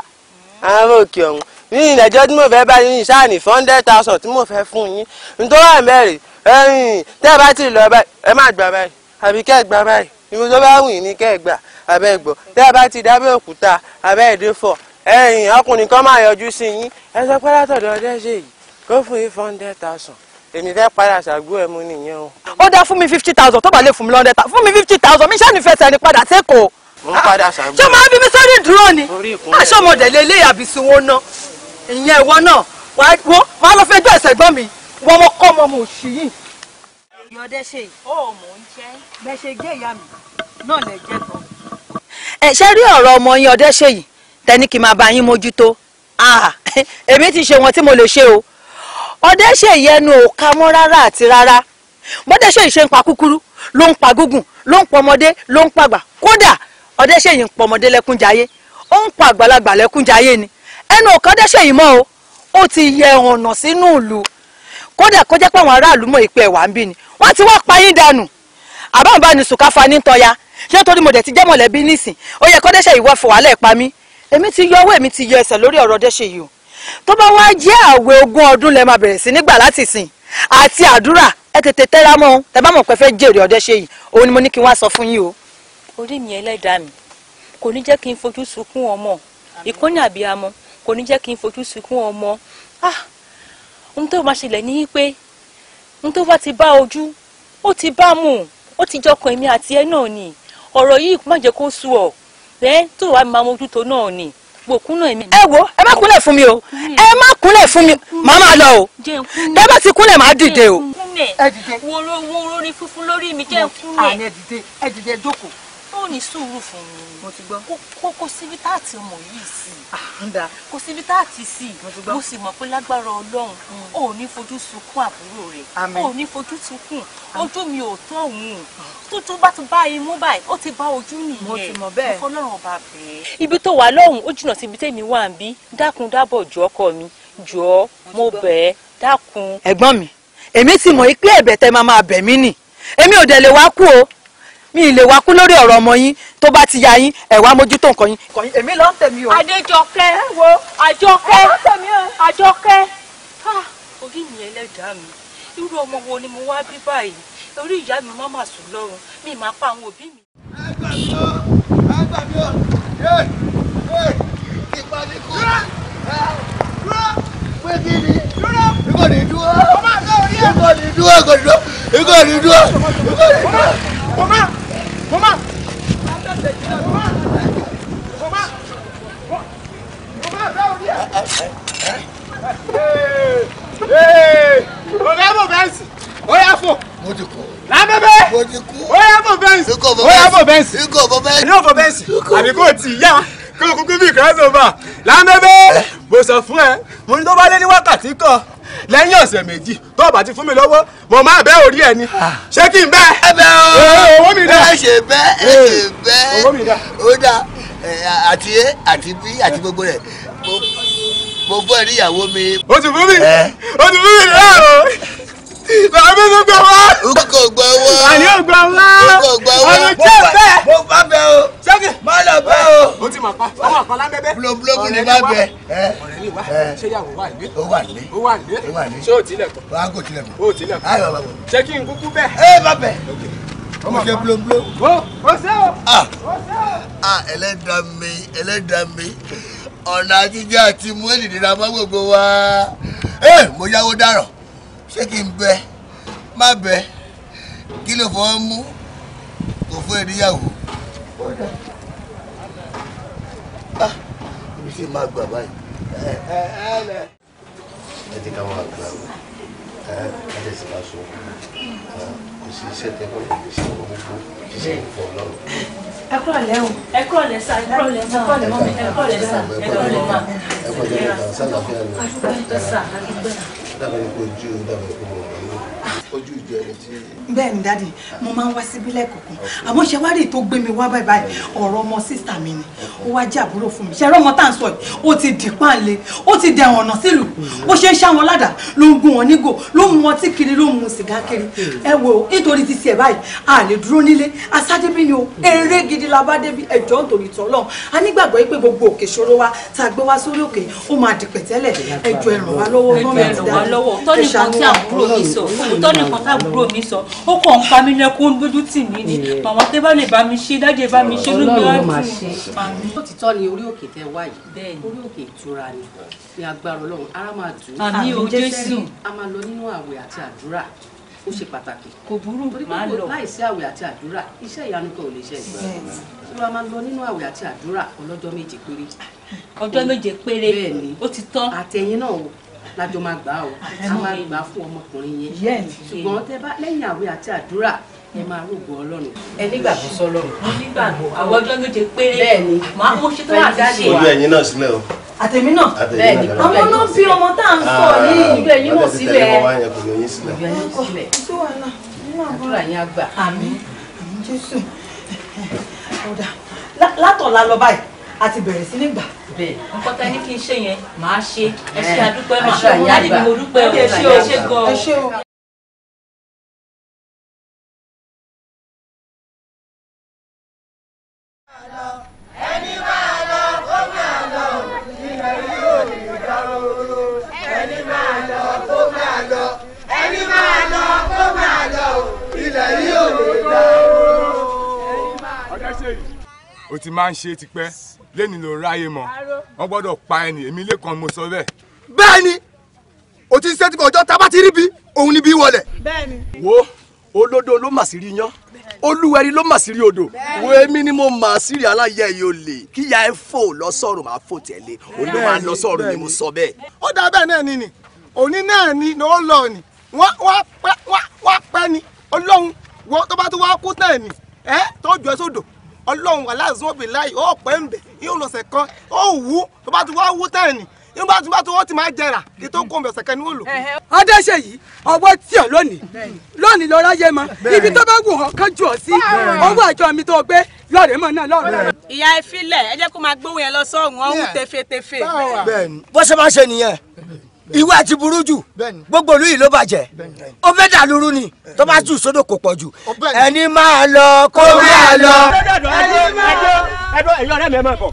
Speaker 1: àwọn òkè ọ̀hún ní ìlẹ́jọ́ tí mo fẹ́ bá yín sáà ní four hundred thousand tí mo fẹ́ fún yín n tó wà mẹ́rin ẹ̀yìn tẹ́ ẹ bá ti lọ báyìí ẹ má gbà báyìí àbí kẹ́ ẹ gbà báyìí ibi tó bá wùn ní kẹ́ ẹ gbà abẹ́ gbọ́ tẹ́ ẹ bá ti dábẹ́ òkúta abẹ́ ìdẹ́fọ̀ ẹ̀yìn ọkùnrin kan máa yọjú sí yín ẹ sọ pé látọ̀dọ̀ ọdẹ ṣe yìí kó fún yín four hundred èmi fẹ́ padà ṣàgbó ẹ̀ mú nìyẹn o. ó dá fún mi fifty thousand tó bá lè fún mi lọ́ndẹ̀ta fún mi fifty thousand mi ṣáà ní fẹsẹ̀ ní padà sẹ́kọ̀ọ́. mo ń padà ah, ṣàgbó. ṣé o máa ń bí mi sórí dúró ni aṣọ́mọdé ah, lè lé àbí sunwó ná ìyẹn ìwọ náà wọ́n á lọ fẹ́ gbé ẹ̀sẹ̀ gbọ́n mi wọ́n mọ kọ́ ọmọ mọ̀ òṣì yìí.
Speaker 2: ìyọ̀dẹ ṣe yìí ó mò ń jẹ́ bẹ́ẹ̀ ṣe gé ìyá mi náà lè jẹ́ kan.
Speaker 1: ẹ ṣe rí ọ̀rọ̀ ọmọ yín ọdẹ ṣe yìí tẹ́ni kí n máa bá yín mójútó ah, *laughs* èmi ti ṣe wọn tí mo lè ṣe o Ọdẹ́ṣèyí ẹnu ò ka mọ́ rárá àti rárá bọ́dẹ́ṣèyí ṣe ń pa kúkúrú ló ń pa gúngùn ló ń pọmọdé ló ń pàgbà kódà Ọdẹ́ṣèyí ń pọmọdé lẹ́kúnjayé ó ń pa àgbàlagbà lẹ́kúnjayé ni ẹnu ò ka Ọdẹ́ṣèyí mọ́ o ó ti yẹ ọ̀nà sínú ìlú kódà kó jẹ́ pé àwọn aráàlú mọ̀ ìpè ẹ̀wà ń bí ni wọ́n ti wá pa yín dànù àbáwọn bá ní sùkáfa ní tọ́ya ṣé torí mo dẹ̀ ti jẹ́ mọ̀lẹ́bí nísìn ó yẹ kọ́dẹ́ṣèyí wọ́ fọwọ́ alẹ́ pa mí èmi ti yọ owó èmi ti yọ ẹsẹ̀ lórí ọ̀rọ̀ Ọdẹ́ṣèyí o tó bá wá jẹ́ àwẹ̀ ogún ọdún lẹ máa bẹ̀rẹ̀ sí nígbà láti sìn àti àdúrà ẹ tètè tẹ́ra mọ́ tẹ bá mọ̀ pé fẹ́ jèrè ọdẹ ṣe yìí òun ni mo ní kí n wá sọ fún yín o.
Speaker 2: orí mi ẹlẹ́dàá mi kò ní jẹ́ kí n fojú sunkún ọmọ ìkọ́ni àbíamọ kò ní jẹ́ kí n fojú sunkún ọmọ ah ohun tó máa ṣẹlẹ̀ ní pé ohun tó bá ti bá ojú ó ti bá mú ó ti jọkàn èmi àti ẹ náà ni ọ̀rọ̀ yìí má jẹ́ kó sú ọ ẹ tó wàá máa mójútó náà ni pòkúnà èmi. ẹ wo ẹ má kúnlẹ̀ fún mi o mm. ẹ má kúnlẹ̀ fún mi mm. màá máa lọ o dábàá ti kúnlẹ̀ màá dìde o. ẹ dìde wóró wóró ní funfun lórí mi jẹ́ kúnlẹ̀. ẹ dìde ẹ dìde jókòó ó ní sùúrù fún mi. mo ti gbọ́. kó kó síbi tá àti ọmọ yìí sí. àǹdà. Ah, kó síbi tá àti sí. mo ti gbọ́. mo sì mọ̀ pé lágbára ọlọ́run ò hmm. ní fojú sunkún àbúrò rẹ̀. àmín. ò ní fojú sunkún ojú mi ò tán òun. tójú bá ti bá imú báyìí ó ti bá ojú nìyẹn. mo ti mọ̀ bẹ́ẹ̀. mo fọlọ́run ọba bẹ́ẹ̀. ibi tó wà lọ́hùn ó jìnnà síbi tèmi wà ń bí dákun dábọ̀ jọ ọkọ mi jọ mo bẹ̀ẹ́ dákun.
Speaker 1: ẹ̀gbọ́n mi ì lè wá kú lórí ọ̀rọ̀ ọmọ yín tó bá ti
Speaker 2: ya yín ẹ̀ wá mójútó nǹkan yín kàn yín èmi ló ń tẹ̀mí o. Adéjọkẹ́ wo Àjọkẹ́ Àjọkẹ́ orí mi ẹlẹ́dàá mi irú ọmọ wo ni mo wá bí báyìí orí ìyá mi má mà sùn lọ́rùn mi má pa àwọn òbí mi.
Speaker 1: àgbà mi ó àgbà mi ó yé yé ìpàdé kú dúró pé kí ni dúró ìkò ní dúró ìkò ní dúró ìkò ní dúró ìkò ní dúró ìkò ní dúró. Mama! Mama! Mama! Mama! Mama, bẹ́ẹ̀ o ní ẹ̀. Ee! Ee! Ọ̀gá mọ̀ bẹ́ẹ̀ sì, ó yà fò. Mo ti kọ̀ ọ́ lábẹ́bẹ́ ó yá fò bẹ́ǹsì ó yá fò bẹ́ǹsì yóò fò bẹ́ǹsì àbí kò tì í yá kó o kúkú bí crossover lábẹ́bẹ́ eh? mo sọ fún ẹ mo ní tó bá lé ní wákàtí kan lẹ́yìn ọ̀sẹ̀ méjì tó o bá ti fún mi lọ́wọ́ mo máa bẹ́ orí ẹ ni ah. ṣé kí n bẹ́ ẹ bẹ́ o eh, owó mi dà ẹ ṣe bẹ́ ẹ eh, ṣe bẹ́ owó mi dà ó dà àti ẹ àti bí àti gbogbo rẹ mo gbọ́ ẹ̀rí ìyàwó mi. o ti fún mi o ti fún mi lọ́wọ́ bàbá mi gbọ́ wá. o kò gbọ́ wá. àní ò gbọ́ wá. o kò gbọ́ wá. ọ̀rọ̀ tí ò bẹ́ẹ̀. mo bá bẹ o. sẹ́kì. má lọ bẹ o. o ti máa pa ọmọ àpá lábẹ́bẹ́. bulobulobù ni bá bẹ. ọ̀rẹ́ mi wá ṣé ìyàwó wà lé. ó wà lé. ó wà lé. ó wà lé. ṣé o tilẹ̀ kọ́. wàá kò tilẹ̀ kọ́. o tilẹ̀ kọ́. ayọ̀ bàbá. ṣé kí n kúkú bẹ́ẹ̀. ẹ bá bẹ̀ mo ṣe bulobulobù. o o ṣe o. ah ẹlẹ́dàá mi ẹlẹ́dàá mi ọ̀nà àtijọ́ àti mú ènìyàn máa gbogbo wa. ẹ mo yáwó dárọ̀ ṣé kí n bẹ má bẹ kí ló fọwọ́ mú kò fún Ah, ibi tí màá gbà báyìí. ẹ ti ká wọn àgbà ẹ ẹ ti sì máa sọ sí iṣẹ́ tẹ́kọ̀ọ́ lè fi ṣe ọmọ gbogbo kì í ṣe ìfọ̀ ọlọ́run.
Speaker 2: ẹ kúrò lẹ́ o ẹ kúrò lẹ́ sá ẹ kúrò lẹ́ sá ẹ kúrò lẹ́ mọ́ mi ẹ kúrò lẹ́ sá ẹ kúrò lẹ́ má
Speaker 1: ẹ kúrò lẹ́ sá ẹ kúrò lẹ́ sá ẹ kúrò lẹ́ sá ẹ kúrò lẹ́ sá ẹ kúrò lẹ́ sá ẹ kúrò lẹ́ sá ẹ kúrò lẹ́ sá ẹ kúrò lẹ́ sá ojú ìjọ ẹni tí.
Speaker 2: bẹ́ẹ̀ ni dádì mo máa ń wá síbí lẹ́ẹ̀kọ̀kan àmọ́ ṣe wárì tó gbé mi wá báyìí báyìí ọ̀rọ̀ ọmọ sísà mi ni ó wá jẹ́ àbúrò fún mi ṣe ẹ̀rọ ọmọ tá à ń sọ yìí ó ti dì páàlẹ̀ ó ti dẹ̀ ọ̀nà sílùú bó ṣe ń ṣá wọn ládàá ló ń gún wọn nígò ló ń mu ọtí kiri ló ń mu sìgá kiri ẹ wo nítorí ti tiẹ̀ báyìí a lè dúró nílé asádébí ni o eré gidi la bá débi ẹ̀jọ́ nítorí tọ́lọ́run a nígbàgbọ́ pé gbogbo òkè ṣòro wa tá a gbé wá sórí òkè ó máa dìpẹ̀tẹ́lẹ̀ ẹ̀jọ̀ ẹ̀ràn wá lọ́wọ́ ní kọ́tà àbúrò mi sọ ó kàn ń pa mí lẹ́kún ń dójú tì mí ni màmá tẹ́ bá lè bá mi ṣe dájẹ́ bá mi ṣe lóbi wá tì mí. òtítọ́ ni orí òkè tẹ wá yìí orí òkè ìtura ni ní agbára ọlọ́run ara máa dùn. àmì ò jésù. a máa lọ nínú àwẹ̀ àti àdúrà ó ṣe pàtàkì. kò burú máa lọ láìsí àwẹ̀ àti àdúrà iṣẹ́ ìyanu kan ò lè ṣe ìgbà ọjọ́ méje péré ó ti tán. àtẹ̀yìn náà lájọ máa gbà ó a máa gbà fún ọmọkùnrin yẹn ṣùgbọ́n tẹ bá lẹ́yìn àwẹ̀ àti àdúrà ẹ máa rògbò ọlọ́run ẹ nígbàgbọ́ sọlọ́run. mo nígbàgbọ́ àwọn ọjọ́ méje péré bẹ́ẹ̀ni màá mú ṣe tó wà jáde. ojú
Speaker 1: ẹ̀yin náà sílẹ̀ o. àtẹ̀mí náà bẹ́ẹ̀ni àwọn náà
Speaker 2: bí ọmọ tá à ń sọ yìí ah. ojú ẹ̀yin náà sílẹ̀.
Speaker 1: ojú ẹ̀yin sílẹ̀.
Speaker 2: ojú ẹ̀yin sílẹ̀. àdúrà a ti bẹ̀rẹ̀ sí nígbà. bẹ́ẹ̀ nǹkan tá ní kí n ṣe yẹn màá ṣe ẹ ṣe àdúpẹ́ mà dáàdì mi mo dúpẹ́ ṣe gan-an.
Speaker 1: o ti máa ń ṣe tipẹ́ lẹ́ni ló ráyè mọ́ wọ́n gbọ́dọ̀ pa ẹni èmi lẹ́kan mo sọ bẹ́ẹ̀. bẹ́ẹ̀ni o ti ń ṣe tipẹ́ ọjọ́ tá a bá ti rí bi òun ni bí wọlé. bẹ́ẹ̀ni. wo olódò ló mà sí rí yán olúwẹ̀rí ló mà sí rí odò wo èmi ni mo mà sí rí aláyẹ yìí ó lè kíyà ẹ fò lọ́sọ̀rọ̀ máa fò tẹ̀lé òní máa ń lọ́sọ̀rọ̀ ni mo sọ bẹ́ẹ̀. ó dà bẹ́ẹ̀ náà ni nì òní náà ni ló lọ ni wọ́n pẹ́ ni ọlọ́run wọ́n tó bá tó wá kú náà ni ẹ́ tó jọ sódò ọlọ́run aláàzúmọ̀bì láì ó pẹ́ ń bẹ̀ yóò lọ̀sẹ̀ kan ó wú tó bá ti wá wú tẹ́ẹ̀nì nígbà tí wọ́n ti wọ́n ti máa jẹrà kí tó kó ọ̀sẹ̀ kan wò lò. adéṣeyìí ọwọ́ tí ò lónìí lónìí ló ráyè mọ ibi tó bá wù ọ́ kán jù sí owó àjọ mi tó gbé lọ́ọ̀rẹ́ mọ̀ náà lọ́ọ̀rẹ́.
Speaker 2: ìyá ẹ filẹ̀ ẹ jẹ́ kó máa gbóhùn yẹn lọ sọ́ọ̀hún ọ̀hún tefetefe.
Speaker 1: bó ṣe máa ṣe nìyẹn ìwà ti burú jù gbogbo olú yìí ló bàjẹ́ ó fẹ́ dàlúrú ni tó bá jù sódò kò pọ̀ jù ẹni máa lọ kó rí à lọ. ẹyọ ọ̀rẹ́ mi ẹ máa bọ̀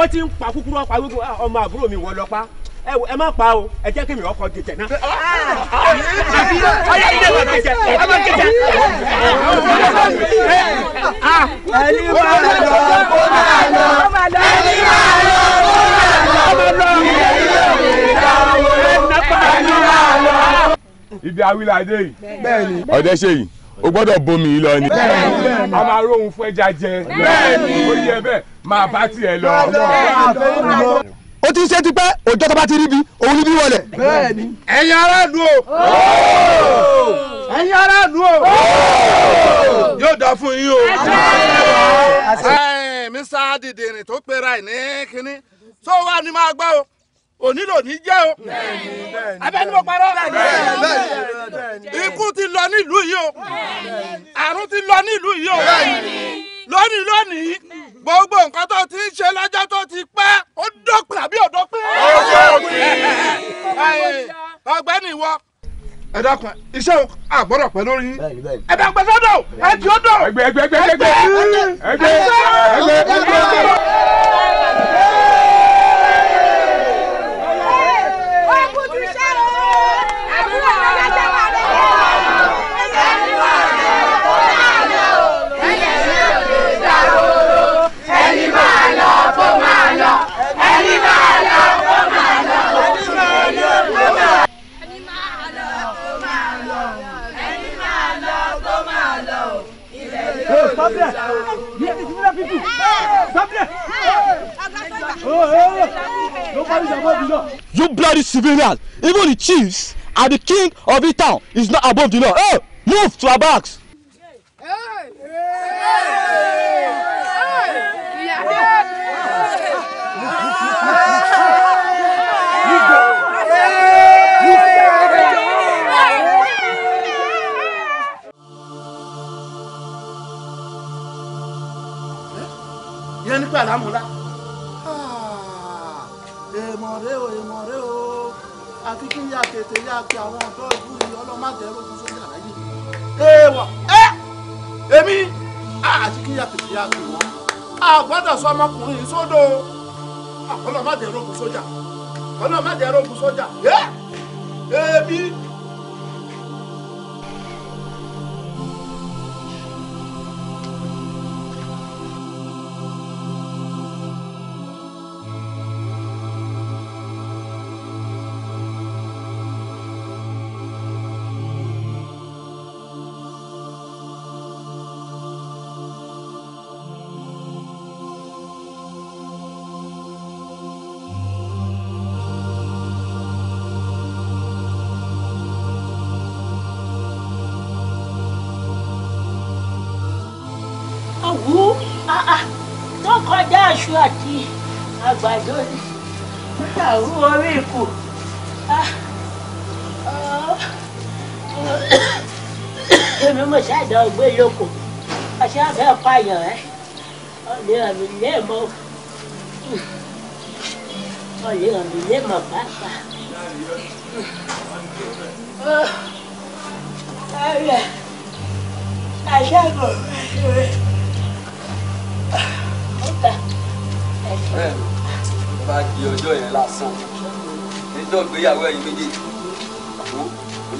Speaker 1: ó ti ń pa kúkúrú ọpa gbogbo ọmọ àbúrò mi wọ lọ pa ẹ má pa o ẹ jẹ́ kí mi ọkọ̀ jẹjẹ náà. Ah,
Speaker 3: ah, ọ̀rẹ́ ilé wa máa jẹ ẹ jẹjẹ. ẹni máa lọ kó máa lọ ẹni máa lọ
Speaker 1: kó máa lọ pẹ̀lú àlọ́. ibi awila adé yìí ọ̀dẹ́ ṣe yìí o gbọ́dọ̀ bomi yìí lọ ni. a máa róhun fún ẹja jẹ ó yẹ bẹ́ẹ̀ máa bá tiẹ̀ lọ. ó ti ń ṣe tipẹ́ òjò tó bá ti rí bi òun ní bí wọlé. ẹ̀yin aráàlú o ẹ̀yin ará nu o yóò dá fún yín o. mr dìdìrín tó pera ẹ̀ ní kínní tó wà ní máa gbọ́ o òní lò ní jẹ́ o abẹ́ni mo parọ́ ikú ti lọ nílùú yìí o àrùn ti lọ nílùú yìí o lónìí lónìí gbogbo nǹkan tó ti ń ṣe lọ́jọ́ tó ti pẹ́ ó dọ́pin àbí ò dọ́pin. ó dọ́pin. ọ̀gbẹ́ni ìwọ ẹ dákun iṣẹ́ àgbọ́dọ̀ pẹ́ lórí yín. ẹ bá gbẹ sọ́dọ̀ ẹ tí ó dọ̀. ẹgbẹ́ ẹgbẹ́ ẹgbẹ́ ẹgbẹ́ ẹgbẹ́ ẹgbẹ́ ẹgbẹ́ ẹgbẹ́ ẹgbẹ́ ẹgbẹ́ ẹgbẹ́ ẹgbẹ́
Speaker 3: Gabriel! Yes, it's Nobody
Speaker 1: above the law. You bloody civilians! Even the chiefs and the king of the town is not above the law. Hey! Move to our backs! gbà lámúlá ah. èèmọ̀ rẹ o èèmọ̀ rẹ o àfi kí n yà tètè yà pé àwọn ọ̀dọ́ ìlú yìí ọlọ́mọdé ológun sójà láyé èèwọ̀ ẹ èmi ah, àti kí n yà tètè yà pé wọn àgbàdo sọ ọmọkùnrin sódò ah, ọlọ́mọdé ológun sójà ọlọ́mọdé ológun sójà èmi.
Speaker 2: iṣu àti àgbàdo ni àrú orí ìkù ah, oh. *coughs* èmi mo ṣàìdá ọgbẹ́ lóko àti àbẹ́ pààyàn ẹ́ ọ̀lẹ́ àmì ilé mọ́ ọ̀lẹ́ àmì ilé mọ́ pàápàá.
Speaker 1: Àṣàgùn rẹ̀
Speaker 3: bá di ọjọ́ yẹn lásán níjọ́ ìgbéyàwó ẹ̀yin méjèèjì kó ló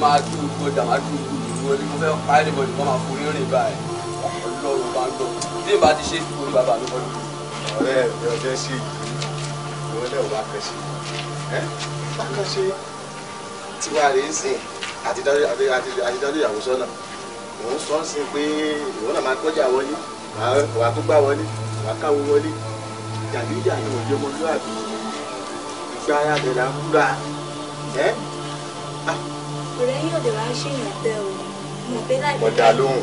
Speaker 3: máa dú gbogbo ọjà máa dú gbogbo ìlú wọn ní mo fẹ́ pa ẹ́ níbọn ìbọn máa forí rìn báyìí ọlọ́run bá ń gbọ́ bí ìbá ti ṣe é kó ní bàbá mi bọ́lú. ọ̀rẹ́ mi ọjọ́ sí ìlú ìwọlé ò bá kẹ́ sí ẹ́ bá kẹ́
Speaker 1: sí tiwa rèé sìn àti dájú ìyàwó sọ́nà òun sọ ń sin pé ìwọ náà máa kọjá wọlé wàá tó gbá wọlé wàá káwó wọlé jàgídà ni òjò ọmọlúwàbí ìgbà ara rẹ̀ là ń búra ẹ́.
Speaker 2: ọ̀rẹ́ yóò dé wá ṣe èèyàn o mo bẹ́ láì. mo dá lóhùn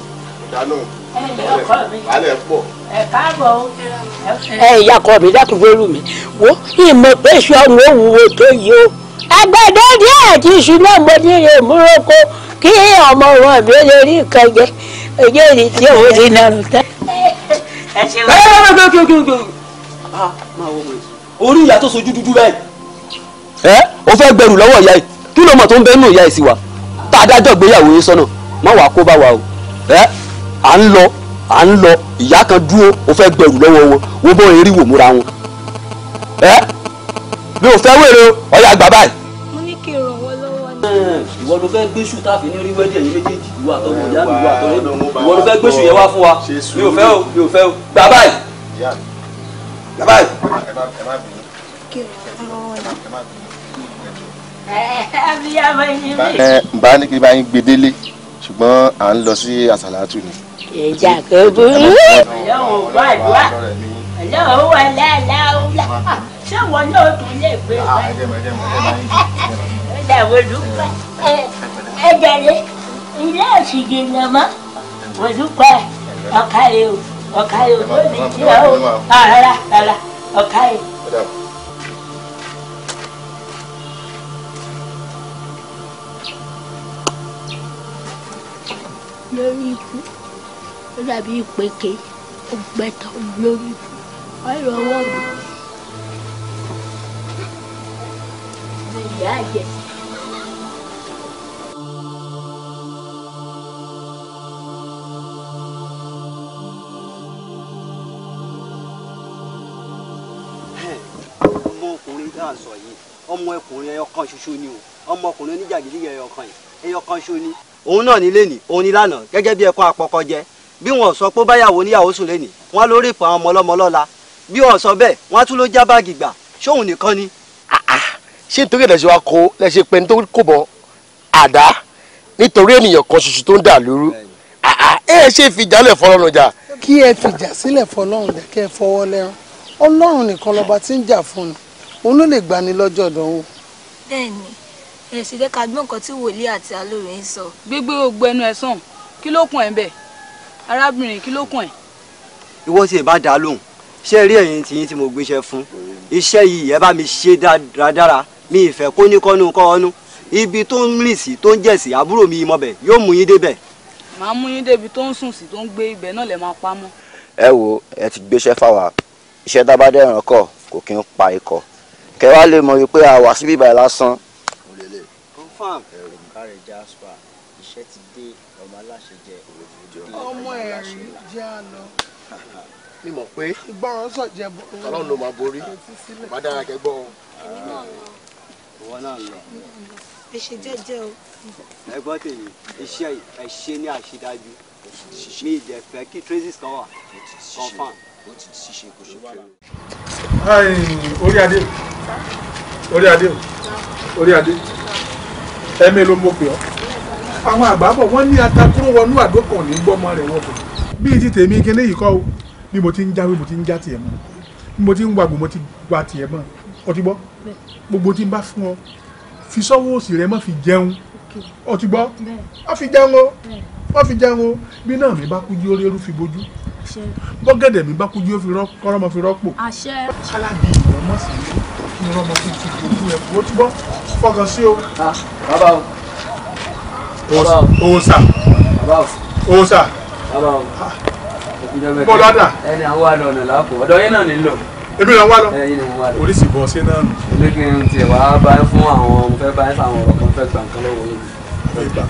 Speaker 1: mo lóhùn. ẹ ẹ ìyá mi dákun fẹ́rù mi wo ìmọ̀ pé iṣu ọmọ òwúwo tó yìí o agbẹ́dẹ́ díẹ̀ àti iṣu náà mo ní ìmúroko kí ọmọ wọn mi lè rí nǹkan jẹ èyí ò ní tí òun ti nà ẹ
Speaker 2: ṣe wá. ẹ
Speaker 1: ẹ ẹ orí ìyá tó sojú dúdú báyìí. ẹ o fẹ́ gbẹrù lọ́wọ́ ìyá yìí kí ló mọ̀ tó ń bẹ nínú ìyá yìí sí wa tá a dájọ́ gbéyàwó yín sọ́nà má wàá kó bá wa o ẹ à ń lọ à ń lọ ìyá kan dúró o fẹ́ gbẹrù lọ́wọ́ wọn wo bọ́
Speaker 3: eré wò múra wọn ẹ mi ò fẹ́ wèrè o ọ̀yà àgbà báyìí. mo ní kí n ràn wọ́n lọ́wọ́ ni. ìwọ ló fẹ́ gbéṣù tá a fi ní rí wẹ́díẹ̀ yìí méjèèjì ìwà àtọ́wọ̀ ìyá mi ìwà àtọ́wọ̀ ìwọ ló fẹ́ gbéṣù yẹn wá fún wa mi ò fẹ́ o mi ò fẹ́ o gbà báyìí
Speaker 1: bàbá yìí. ẹ
Speaker 2: má bínú. ẹ
Speaker 1: bá ní kí bá yín gbé délé ṣùgbọ́n à ń lọ sí àsàlátù ni. ìjà kò burú. ọlọ́run wà lọ́wọ́ ọlọ́run wà láàlá ṣé wọn náà tún lè gbé wa. ó dàbọ̀ dúpẹ́ ẹ bẹ̀rẹ̀ ilé òsì jìnnà mọ́
Speaker 2: wọ́n dúpẹ́ ọ̀kàlẹ́ o ọ̀ka yìí ah, lórí ikú ó dàbí ìpèké ó lórí ikú ọ̀rọ̀ ọwọ́ mi. ìyá àjẹsí.
Speaker 3: ọmọkùnrin náà sọ yìí ọmọ ẹkùnrin ẹyọkan ṣoṣo ni o ọmọkùnrin oníjàgídíjẹ ẹyọkan yìí ẹyọkan ṣo ni. òun náà ní lẹ́nì òun ní lánàá gẹ́gẹ́ bí ẹ̀kọ́ àpọ̀kọ jẹ bí wọn sọ pé báyàwó níyàwó sùn lẹ́nì wọn ló rí ìpọ̀ àwọn ọmọlọ́mọ lọ́la bí wọn sọ bẹ́ẹ̀ wọn tún ló já báàgì gbà ṣóun nìkan ni. ṣé nítorí ẹ̀dẹ̀ṣẹ̀ wa kó lẹ́sẹ̀ pé nítorí kò bọ̀ àdá nítorí ènìyàn kan ṣoṣo tó ń dà lóru
Speaker 1: ẹ ṣe fìjálẹ̀ fọlọ́run jà. kí ẹ fìjà sílẹ̀ fọlọ́run jà kí ẹ fọwọ́ lẹ́rán ọlọ́run nìkan lọba tí ń jà fún ni òun ló lè gbani lọ́jọ́ ìdánwò. bẹ́ẹ̀ni
Speaker 2: èsì jẹ ká gbọ́ nǹkan tí wòlíì àti alóore ń sọ. gbégbé ogbó ẹnu ẹ sàn kí ló kún ẹ bẹ́ẹ̀ arábìnrin kí ló kún ẹ.
Speaker 3: ìwọ sì bá dá lóhùn ṣé rí ẹ̀yin tiyín tí mo gbéṣẹ́ fún iṣẹ́ yìí ẹ bá mi ṣe dáradára mi ìfẹ́ kó ní kọ́nu kọ́nu ibi tó ń rìn sí tó ń jẹ̀ sí àbúrò mi mọ̀bẹ̀ yóò mú yín débẹ̀.
Speaker 2: màá mú yín débi tó ń sùn sí tó ń gbé ibẹ̀ náà lè máa pa mọ́.
Speaker 3: ẹ wo ẹ ti gbéṣẹ́ fáwa iṣẹ́ tá a kò kí ń pa ikọ̀ kẹwàá lè mọ̀ wípé a wà síbí ìbàyẹ̀ lásán. confam káre jasper iṣẹ́ ti dé ọmọ aláṣẹ jẹ ọmọ ẹ̀rí
Speaker 1: jẹ́ àná. mi mọ̀ pé ìgbọràn sọ jẹ bọ́ọ̀lù ọlọ́run ló máa borí má dára kẹgbọ́ ọ.
Speaker 3: ìwọ o. ẹ tèmi iṣẹ́ ẹ̀ ṣe ní mi ìdẹ̀fẹ́ kí traces kan wà confam ó ti ṣiṣe kò
Speaker 1: ló mọ̀ pé ọ́ àwọn àgbàbọ̀ wọ́n ní atakúrò wọnú àdókàn ní gbọ́mọ rẹ̀ wọ́n bọ̀ bíi ti tèmi kíní yìí kọ́ o bí mo ti ń jáwé mo ti ń já tiẹ̀ mọ́ bí mo ti ń wàgò mo ti wà tiẹ̀ mọ́ ọtí gbọ́ gbogbo tí n bá fún ọ fi sọ́wọ́ òsì rẹ mọ́ fi jẹun ọtí gbọ́ wọ́n fi jẹun o wọ́n fi jẹun o bí náà mi bá kú jí ó rérú fi bójú bọ́gẹ̀dẹ̀ mi bá kú yóò fi kọ́rọ́mọ fi rọ́pò kálábì ìrọmọ sí mi kí n rọmọ fún ti ojú ẹ kó túbọ̀ fọkàn sí o. bàbá o bàbá o òòsà bàbá o òòsà bàbá o bọ́ládà ẹni àwọn àlọ́ ọ̀nà làákò ọ̀dọ̀ yẹn náà nílò èmi náà wá lọ oríṣi bọ̀ ṣe náà nù. ń tiẹ̀ wá bá fún àwọn mo fẹ́ bá fún àwọn ọ̀rọ̀ kan fẹ́ gbà nǹkan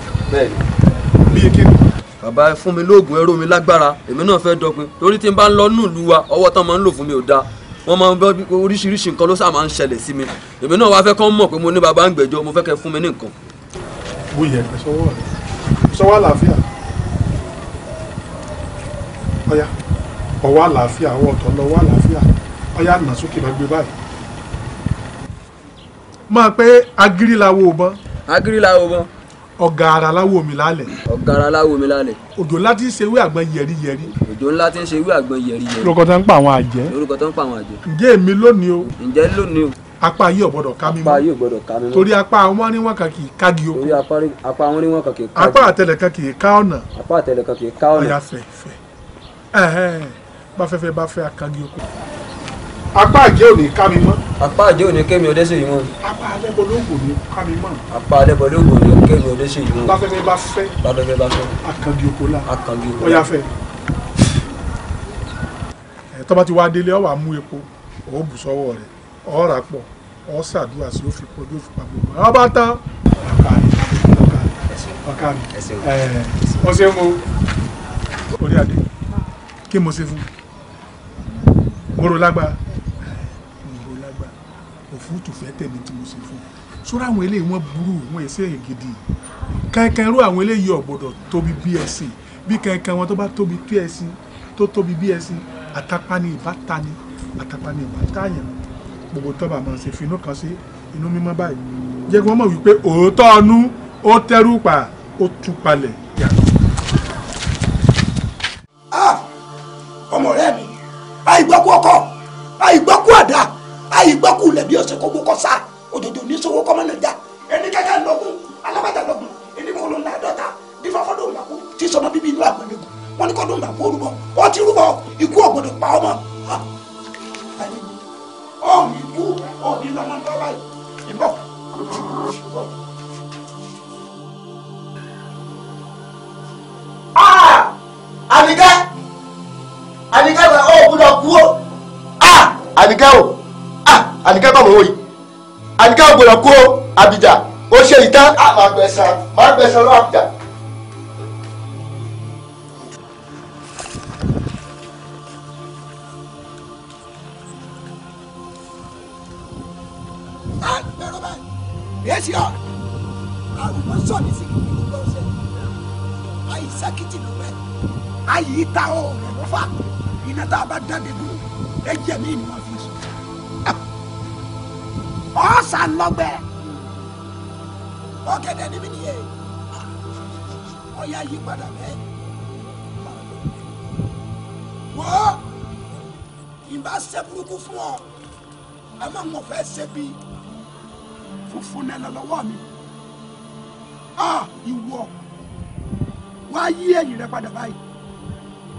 Speaker 1: lọ́wọ́ yìí bàbá ẹ fún mi lóògùn ẹ ró mi lágbára èmi náà fẹ́ dọpin torí tí n bá ń lọ nù lu wa ọwọ́ tán máa ń lò fún mi ò dáa wọ́n máa ń bọ́ oríṣiríṣi nǹkan ló sáà máa ń ṣẹlẹ̀ sí mi èmi náà wá fẹ́ kọ́ mọ̀ pé mo ní bàbá ń gbẹ̀jọ́ mo fẹ́ kẹ́ fún mi ní nǹkan. mo yẹ ẹ sọwọ́ rẹ sọwọ́ àlàáfíà ọ̀yá ọwọ́ àlàáfíà ọwọ́ ọ̀tọ̀ lọ́wọ́ àlàáfíà ọ̀yá àná sókè máa gbé báyìí. máa pé agiri la wo bọ́n. agiri la wo bọ́n ọ̀gàrà láwo mi lálẹ̀. ọ̀gàrà láwo mi lálẹ̀. òjò ńlá ti ń ṣe wí àgbọn yẹ̀rí yẹ̀rí. òjò ńlá ti ń ṣe wí àgbọn yẹ̀rí yẹ̀rí. lórúkọ tó ń pa àwọn àjẹ́. lórúkọ tó ń pa àwọn àjẹ́. ǹjẹ́ èmi lónìí o. ǹjẹ́ lónìí o. apá yìí ò gbọ́dọ̀ ká mi mọ́. apá yìí ò gbọ́dọ̀ ká mi mọ́. torí apá wọn ní wọn kàn kì í kági o. torí apá wọn ní wọn kàn kì í kági. apá àtẹlẹ kan kì í ká ọ̀nà. apá àtẹlẹ kan kì í ká ọ̀nà. ọ̀yà fẹ̀ apá àjẹ́ ò ní ká mi mọ́. apá àjẹ́ ò ní kémi ọdẹ sí ìmọ̀. apá alẹ́bọ̀ lóògùn ní ká mi mọ́. apá alẹ́bọ̀ lóògùn ní kémi ọdẹ sí ìmọ̀. báfẹ́fẹ́ bá fẹ́. báfẹ́fẹ́ bá fẹ́. akangi oko la. akangi oko la. ó yá fẹ́. ẹ tọ́ba ti wá délé ọ wà mú epo ọ bù sọ́wọ́ rẹ̀ ọ rà pọ̀ ọ ṣàdúrà sí ó pọ̀ yóò fi pa gbogbo bá tán. ọkà mi ọ ṣe mo orí adé kí mo ṣe fún mo rò lágbára fúrúùtù fẹ́ tẹ̀mí tí mo ṣe fún un sórí àwọn eléyìí wọ́n burú wọ́n èsè èyàn gidi kankan irú àwọn eléyìí ọ̀gbọ́dọ̀ tóbi bí ẹṣin bí kankan wọn tó bá tóbi bí ẹṣin tó tóbi bí ẹṣin àtàpá ni ìbáta ni àtàpá ni ìbáta yẹn gbogbo tó bá máa ṣe fi inú kan sí inú mímọ́ báyìí jẹ́ kí wọ́n mọ̀ wípé òótọ́ ọnú ó tẹ́rù pa ó tú palẹ̀ yàtọ̀. Ah! ọmọ rẹ mi àìgbọ́kú ọkọ àìgbọ́kú àdá ayi gbọ́kù lẹ̀bi ọ̀sẹ̀ kó gbó kọ́ sá òdòdó ní sọ́wọ́ kọ́ mọ́nà já ẹni kẹ́kẹ́ lọ́gùn alábàtà lọ́gùn ẹni kọ́ ló ń láàdọ́ta dífáfọ́dọ̀ òmàkú tí sọmọ bíbí inú àgbẹ̀lẹ̀kùn wọn ní kọ́ ló ń bà fún rúbọ ọ ti rúbọ ikú ọ̀gbọ̀dọ̀ pa ọmọ ọ̀hún ikú ọ̀hún lọ́mọ ń bá báyìí ìbọ̀ ìbọ̀. Àníkẹ́ Àníkẹ́ ò gbúdọ̀ kú ó. Àníkẹ́ ah àníkà bá mọ̀ wọ̀nyí àníkà ògbòdò kó àbíjà ó ṣe ìtàn ah máa gbẹ̀sán máa gbẹ̀sán lọ́wọ́ àbíjà. Ah, yes, you are. Àwọn ah, sọ̀rọ̀ sí kìkì ló gbọ́ sẹ́. Àìsàkìtì ló bẹ̀. Àyíká ọ̀rẹ́ ló fà. Iná tá a bá dáde dúró. Ẹ jẹ̀ mí ni wọ́n fi sùn ọ̀sán lọ́gbẹ́ ọ̀kẹ́dẹ̀ níbi nìyẹn ọ̀yà yí padà bẹ́ẹ̀ wọ́ ìbá ṣe burúkú fún ọ ẹ má mọ̀ fẹ́ ṣe bí funfun náà lọ́wọ́ mi a ìwọ wá yí ẹ̀yìn rẹ padà báyìí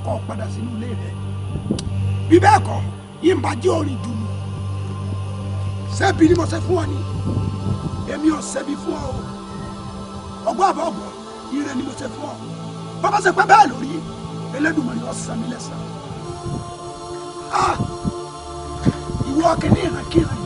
Speaker 1: kọ́ padà sínú ilé rẹ bí bẹ́ẹ̀ kọ́ ìbàjẹ́ orin dùn ṣebí ni mo ṣe fún ọ ni èmi ò ṣebí fún ọ ọgbọ́n àbọ̀ ọgbọ́n ire ni mo ṣe fún ọ bàbá ṣe pẹ́ bẹ́ẹ̀ lórí Elédùmarè ọ̀sán mi lẹ́sàn-án ah! ìwọ kìíní ìrànkìrìn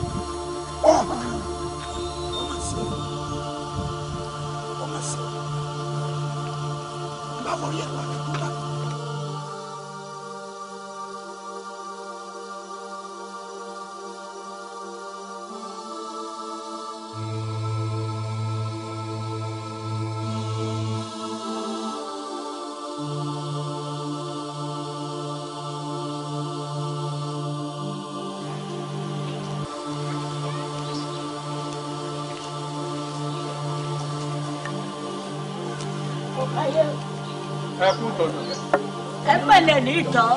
Speaker 1: ní ìtọ́.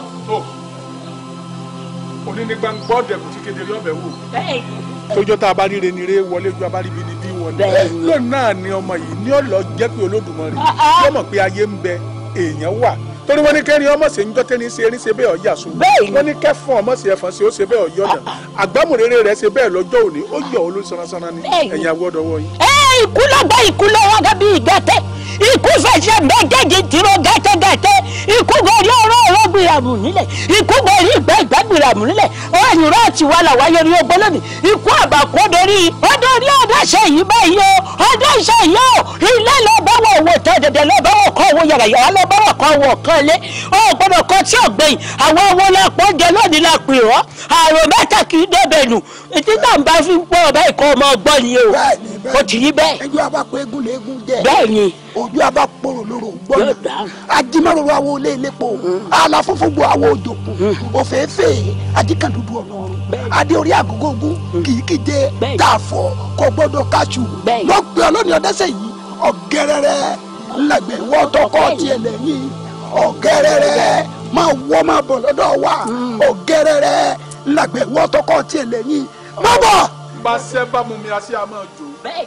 Speaker 1: onínigbà ń gbọ́ dẹ̀kùn tí kedere ọbẹ̀ wò. bẹ́ẹ̀ni. tójọ́ tá a bá ríre ni eré wọlé ju abáríbi ni bí wọlé. bẹ́ẹ̀ni. lónìí náà ni ọmọ yìí ní ọ̀lọ́ jẹ́ pé Olódùmarè ah, ah. yóò mọ̀ pé ayé ń bẹ èèyàn wà torí wọn ní kẹrin ọmọ sí ń jọ ṣe erin ṣe bẹ́ẹ̀ ọyà sùn wọn ní kẹfọn ọmọ sí ẹfọn sí ó ṣe bẹ́ẹ̀ ọyọ ọdà ah, àgbàmùrèrè rẹ ṣe bẹ́ẹ̀ lọ́jọ́ òní ó yọ olóṣanṣanra ní ẹ̀yìn àwọdọwọ yìí. ẹ ìkú ló gbọ́ ìgbẹ́tẹ́ ikú fẹsẹ̀ gbẹ́gẹ́gì tìrọ gẹ́tẹ́gẹ́tẹ́ ikú gbẹ̀rí ọ̀rọ̀ ọ̀rọ̀ gbìyàmù nílẹ̀ ikú gbẹ̀rí ìgbẹ́ ìgbẹ́ gbìràmù nílẹ̀ ọ̀yìn rẹ̀ ti wà ogbó lónìí ikú àbàkù yìí báyìí o yìí o ilé yàrá yàrá àwọn owó lápò lónìí kì í ó ti rí bẹ́ẹ̀. ẹjọ́ abapọ̀ eégún lè eégún jẹ́. bẹ́ẹ̀ ni. ojú abapọ̀ lòrò gbọ́n. yóò dá. ajimọ̀rọ̀ awo ilé ilépo ala mm. funfun bu awo òjòkun mm. òféèfé ajíkàndúdú ọlọ́run adé orí àgógó ogun mm. kìkìdé tààfọ̀ kò gbọ́dọ̀ káṣù lọ́gbẹ́ ọlọ́ni ọ̀dẹ́sẹ̀ yìí ọ̀gẹ́rẹ́rẹ́ ńlẹ̀gbẹ̀ wọ́tọ́kọ́ tiẹ̀ lẹ́yìn ọ̀gẹ́rẹ́rẹ́ máa wọ́ máa bọ̀ lọ́dọ̀ wa ọ̀gẹ́rẹ́rẹ́ ńlẹ̀gbẹ̀ wọ́tọ́kọ́ tiẹ̀ lẹ́yìn má bọ̀. bá a ṣẹ́ bá mu mi a ṣe àmọ́ bẹ́ẹ̀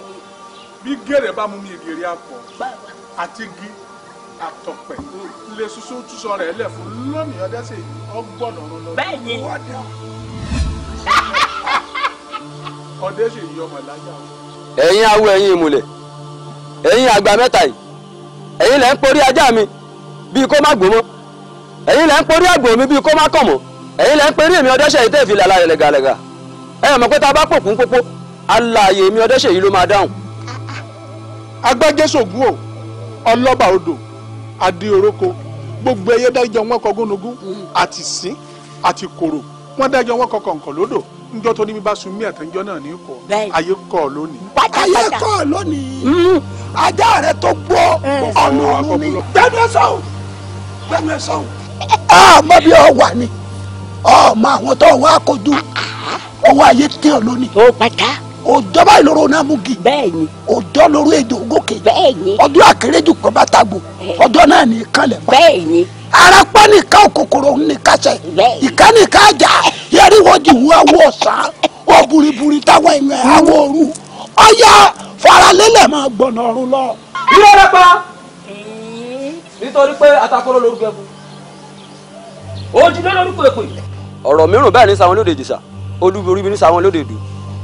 Speaker 1: ni. bí gèrè bá mú mi gèrè àpọ̀ àti igi àtọ̀pẹ̀ mm. lè soso túsọ rẹ̀ lẹ̀ fún lónìí ọdẹ sí ọgbọ́n ọ̀run lọ. bẹ́ẹ̀ ni *laughs* ọdẹ sì yọ ọmọ láyà.
Speaker 3: ẹ̀yin awo ẹ̀yin
Speaker 1: ìmùlẹ̀ ẹ̀yin àgbà mẹ́ta yìí ẹ̀yin lẹ́ ń porí ajá mi bíi kó má gbòmọ́ ẹ̀yin lẹ́ ń porí àgbò mi bíi kó má kọ̀ mọ́ ẹ̀yin lẹ́ ń porí èmi ọdẹ sẹ́yìn tẹ́ ìfilà lálẹ́ lẹ́gàlẹ́gà ẹ̀yọ̀ mọ̀ pé tá a bá pòkún pópó alààyè mi ọdẹ́sẹ̀yí ló máa dáhùn. agbájẹ́sògùn o ọlọ́ba odò adé oróko gbogbo ẹyẹ dájọ́ wọn kọ gónogún àti sín àti kòrò wọn wọn kọ kọ̀ǹkọ̀ lódò njọ́ tó ní bá sun mí àtẹnjọ́ náà ní kọ́ ayé kọ́ lónìí. ayé kọ́ lónìí mm-hmm. ajá rẹ tó ni eh, eh. ọ wà ní àwọn tó wà kojú ayé lónìí. ó òjò báyìí lóró náà òjò èdè ògòkè. bẹ́ẹ̀ni. ọdún àkérédù bá tagbo gbò. náà ní pa. arapa nìkan kòkòrò nìkan sẹ. ìkan nìkan wọ́n awọ ọ̀sán wọ́n buriburi táwọn èèyàn máa lọ. ilé rẹ pa nítorí pé
Speaker 3: ẹkú ojúlé lórúkọ ọ̀rọ̀ mìíràn bẹ́ẹ̀ sáwọn lóde olúborí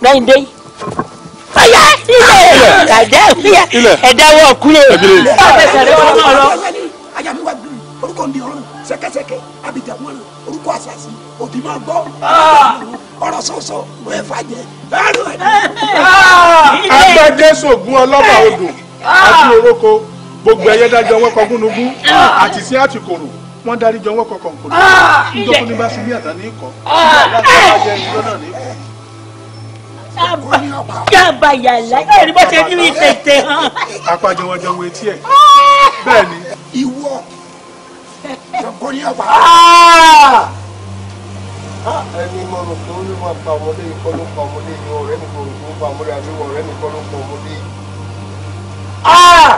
Speaker 1: Nine day. ilé ẹ̀dá ọ̀yá ẹ̀dá wọ̀ kúlẹ̀ ọ̀bẹ̀sẹ̀rẹ̀ ọ̀rọ̀. ajá mi wá dùn orúkọ ní ọrùn sẹ́kẹ́sẹ́kẹ́ abidjan wọn orúkọ àṣàṣì òbí máa gbọ́ ọ̀rọ̀ sọ̀sọ̀ wẹ́ẹ́ fàjẹ́ báàrù ẹ̀. agbẹ́dẹ́ sògùn ọlọ́ba odò àti oróko gbogbo ẹyẹ dájọ wọn kọgúnnugún àti sí àtìkòrò wọn dárí jọ wọn kọkànkòrò ah! nítorí bá sinmi àtàní ikọ nígbà láti wájú ní yàbá yàlá ẹ̀rí bó ṣe níbi tètè hàn. apájọ wọn jọ wo etí ẹ ah! bẹ́ẹ̀ ni. ìwọ kò ní ọ̀pá.
Speaker 3: ẹni mo rò pé ó ní máa pa ọmọdé yìí kọ́ ló pa ọmọdé yìí ọ̀rẹ́ mi kò rò pé ó pa ọmọdé àbí ọ̀rẹ́ mi kọ́ ló pa ọmọdé
Speaker 1: ah!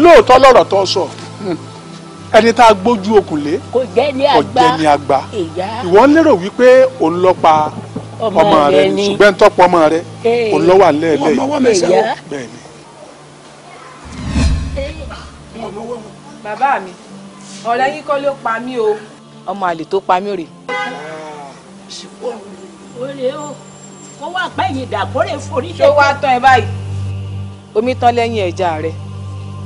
Speaker 1: lóòótọ́ lọ́rọ̀ tó sọ ẹni tá a gbójú okùn lé kò jẹ́ ní àgbà ìwọ ń lérò wípé òun lọ pa ọmọ rẹ ni ṣùgbọ́n ń tọ́pọ̀ ọmọ rẹ òun lọ wà lẹ́ẹ̀lẹ́ bẹ́ẹ̀ ni.
Speaker 2: bàbá mi ọ̀rẹ́ yín kọ́ ló pa mí o ọmọ àlè tó pa mí rè. olè o kó wá pẹ́ yìí dàkórè forí ṣe. ṣé wàá tán ẹ báyìí. omi tán lẹ́yìn ẹja rẹ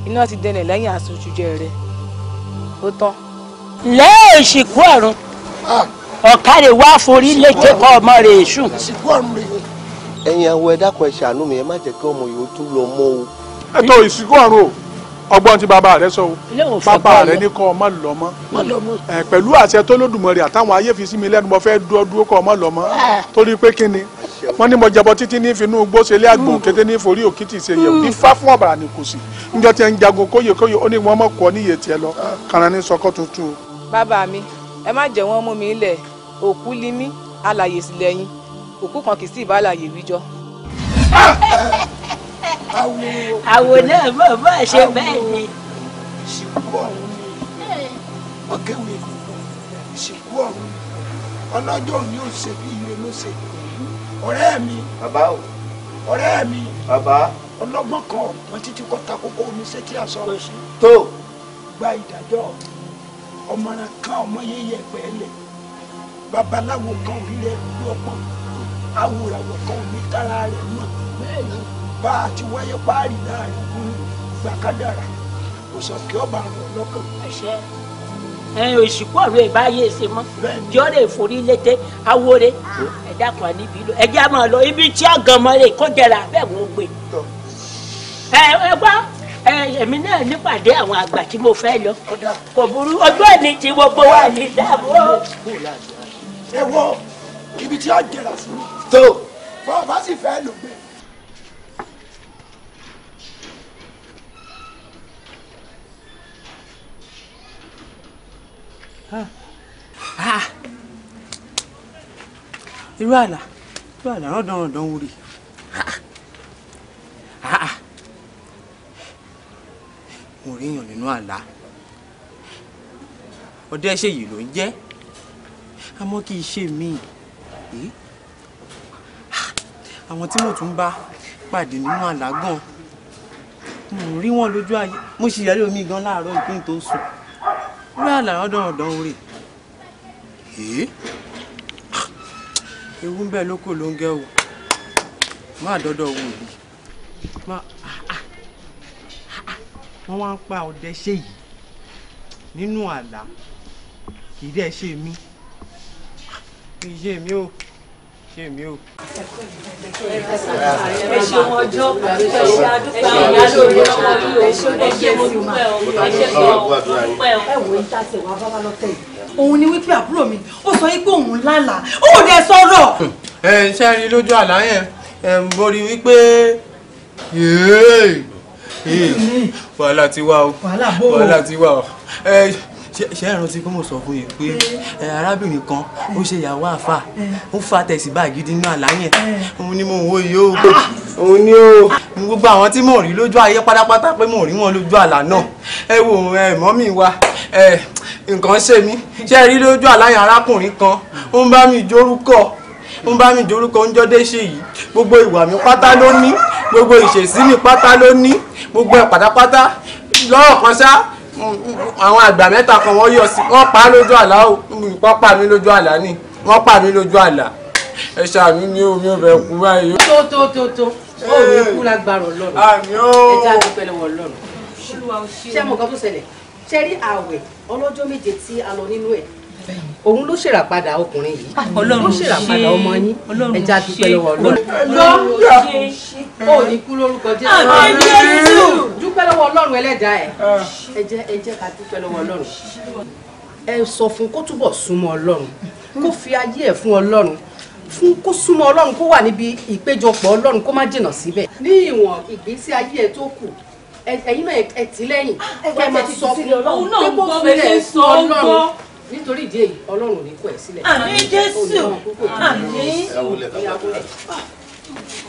Speaker 2: iná ti dẹnẹ̀ lẹ́yìn àsojújẹ rẹ ó tán
Speaker 1: lẹ́ẹ̀ ìsìnkú ọ̀run ọ̀kadì wá forí létí kọ́ ọmọ rẹ̀ èṣù. ẹ̀yin àwọn ẹ̀dá kan ẹ ṣàánú mi ẹ má jẹ́ kí ọmọ yìí ó tún lọ mọ́ o. ẹ tó ìsìnkú ọ̀run o ọgbọ́n tí bàbá rẹ sọ
Speaker 3: o bàbá rẹ ní
Speaker 1: kọ́ ọmọ lọ mọ́ pẹ̀lú àṣẹ tó lódùmarè àtàwọn ayé fi sí mi lẹ́nu mo fẹ́ dúró dúró kọ́ ọmọ lọ mọ́ ah. torí pé kí ni wọ́n ní mo jẹbọ títí ní finú gbó ṣe ilé àgbò kété ní forí òkìtì ṣe yẹ̀wò ní fá fún ọ̀bàrà ní kò sí níjọ tí ẹ ń jagun kóyè kóyè ó ní wọ́n mọ̀ kọ́ níyè tiẹ̀ lọ kàrán ní sọkọ́ tuntun.
Speaker 2: bàbá mi ẹ má jẹ́ wọ́n mú mi lẹ̀ òkú ni mí alàyè sì lẹ́yìn òkú kan kì í sì bá alàyè wíjọ.
Speaker 1: àwò náà bọ̀ bọ́ ṣe bẹ́ẹ̀ ni. ìsìnkú ọ̀run ọ̀gẹ́wé ìsìnkú ọ̀run ọlọ́jọ́ òní ò ṣe bí ire ló ṣe ọ̀rẹ́ mi bàbá o ọ̀rẹ́ mi bàbá ọlọ́gbọ́n kan wọn títí kọ ta kókó omi sétí àsọrọ sí tó gba ìdájọ́ ọmọràn kan ọmọ yẹyẹ pẹ̀lẹ́ babaláwo kan ilé ìlú ọgbọ́n awòràwọ̀ kan ní tara rẹ̀ mọ̀ bá a ti wáyé páàrí láàrin gbàkádàrà kò sọ kí ọba rẹ lọ́kàn òsìkú ọ̀rọ̀ ìbáyé ṣe mọ́ kí ó lè forí lété awore ẹ̀dá kan níbi lọ ẹ̀jẹ̀ máa lọ ibi tí ọ̀gàn mọ́ lè kó jẹrà bẹ́ẹ̀ wọ́n gbé. ẹ ẹ gbọ́ èmi náà nípàdé àwọn àgbà tí mo fẹ́ lọ kò burú ojú ẹni tí gbogbo wa ní dáàbò. ẹ wọ ibi tí ọ̀gàn jẹrà sí. tó bọ́ọ̀ bá sì fẹ́ lò gbé. Ah. irú àlà irú àlà rọ́dọ̀rọ̀dọ̀ ń wúri mo rí èèyàn nínú àlà ọdẹ ṣe yìí ló ń jẹ́ àmọ́ kì í ṣe mí ah. àwọn tí mo tún bá pàdé nínú àlà gan mo rí wọn lójú ayé mo ṣì yẹ lómi gan láàárọ̀ ìpín tó sùn irú àlà rọ́dọ̀rọ̀dọ̀ ń ewu ń bẹ lóko ló ń gẹ o má dọdọ wo òbí má wọn wá ń pa ọdẹ ṣe yìí nínú àlá kì í dẹ ṣe mí kì í ṣe mí o ṣe mí o.
Speaker 2: ẹ ṣeun ọjọ́ ẹ ṣe adúpẹ́ ọ̀la lórí ọ̀la ẹ ṣe ó dẹ́ ṣe mo dúpẹ́ ọ ẹ ṣe kọ́ ọ dúpẹ́ ọ. ẹ wo ìtàsẹ̀ wa bá wa lọ́tẹ̀ yìí òun ni wípé àbúrò mi ó sọ wípé òun lálàá òun
Speaker 1: ni ẹ sọ̀rọ̀. ẹ ń ṣe rí lójú àlá yẹn ẹ ń borí wípé wàhálà ti wà o wàhálà ti wà o ṣe ẹ rántí pé mo sọ fún yín pé arábìnrin kan ó ṣe ìyàwó àfà ó fa tẹ̀sí báàgì nínú àlàyé òun ni mo ń wo yìí o òun ni o gbogbo àwọn tí mo rí lójú ayé pátápátá pé mo rí wọn lójú àlá náà ẹ wo ẹ mọ́mì wa ẹ nǹkan ṣe mí ṣe rí lójú àláyàn arákùnrin kan ó ń bá mi jórúkọ ń bá mi jórúkọ ń jọdé ṣe yìí gbogbo ìwà mi pátá ló ní gbogbo ìṣesí mi pátá ló ní gbogbo ẹ̀ pátápátá lọ́rọ̀ kan ṣá àwọn àgbà mẹ́ta kan wọ́n yọ sí wọ́n pa á lójú àlá o wọ́n pa mí lójú àlá ni wọ́n pa mí lójú àlá ẹ ṣàmì mi ò mi kú báyìí. tó
Speaker 2: tó tó tó ó ní kú
Speaker 1: lágbára Ọlọ́run ẹ jáde
Speaker 2: pẹ̀lẹ́ wọ Ọlọ́run ṣé mo kàn tó ṣẹlẹ̀ ṣe rí ààwẹ̀ ọlọ́jọ́ méje tí a lọ nínú ẹ̀ òun ló ṣèràpadà ọkùnrin yìí ah, ló ṣèràpadà ọmọ yín ẹja dúpẹ́ lọ́wọ́ ọlọ́run. lọ́wọ́ ó ní kú lórúkọ jésù dúpẹ́ lọ́wọ́ ọlọ́run ẹlẹ́dàá ẹ̀ ah. ẹ jẹ́ ká dúpẹ́ lọ́wọ́ ọlọ́run ẹ sọ fún kó túbọ̀ súnmọ́ ọlọ́run kó fi ayé ẹ̀ fún ọlọ́run fún kó súnmọ́ ọlọ́run kó wà níbi ìpéjọpọ̀ ọlọ́run kó má jìnnà síbẹ̀. ní ìwọ̀n ìgbésí ayé ẹ tó kù ẹ̀yin náà ẹ ti lẹ́yìn ah, kẹ́ ẹ máa sọ fún un pé kó fi lẹ̀ sọ ọlọ́run nítorí ìdí èyí ọlọ́run ní kò ẹ̀ sílẹ̀. àmín jésù
Speaker 1: àmín.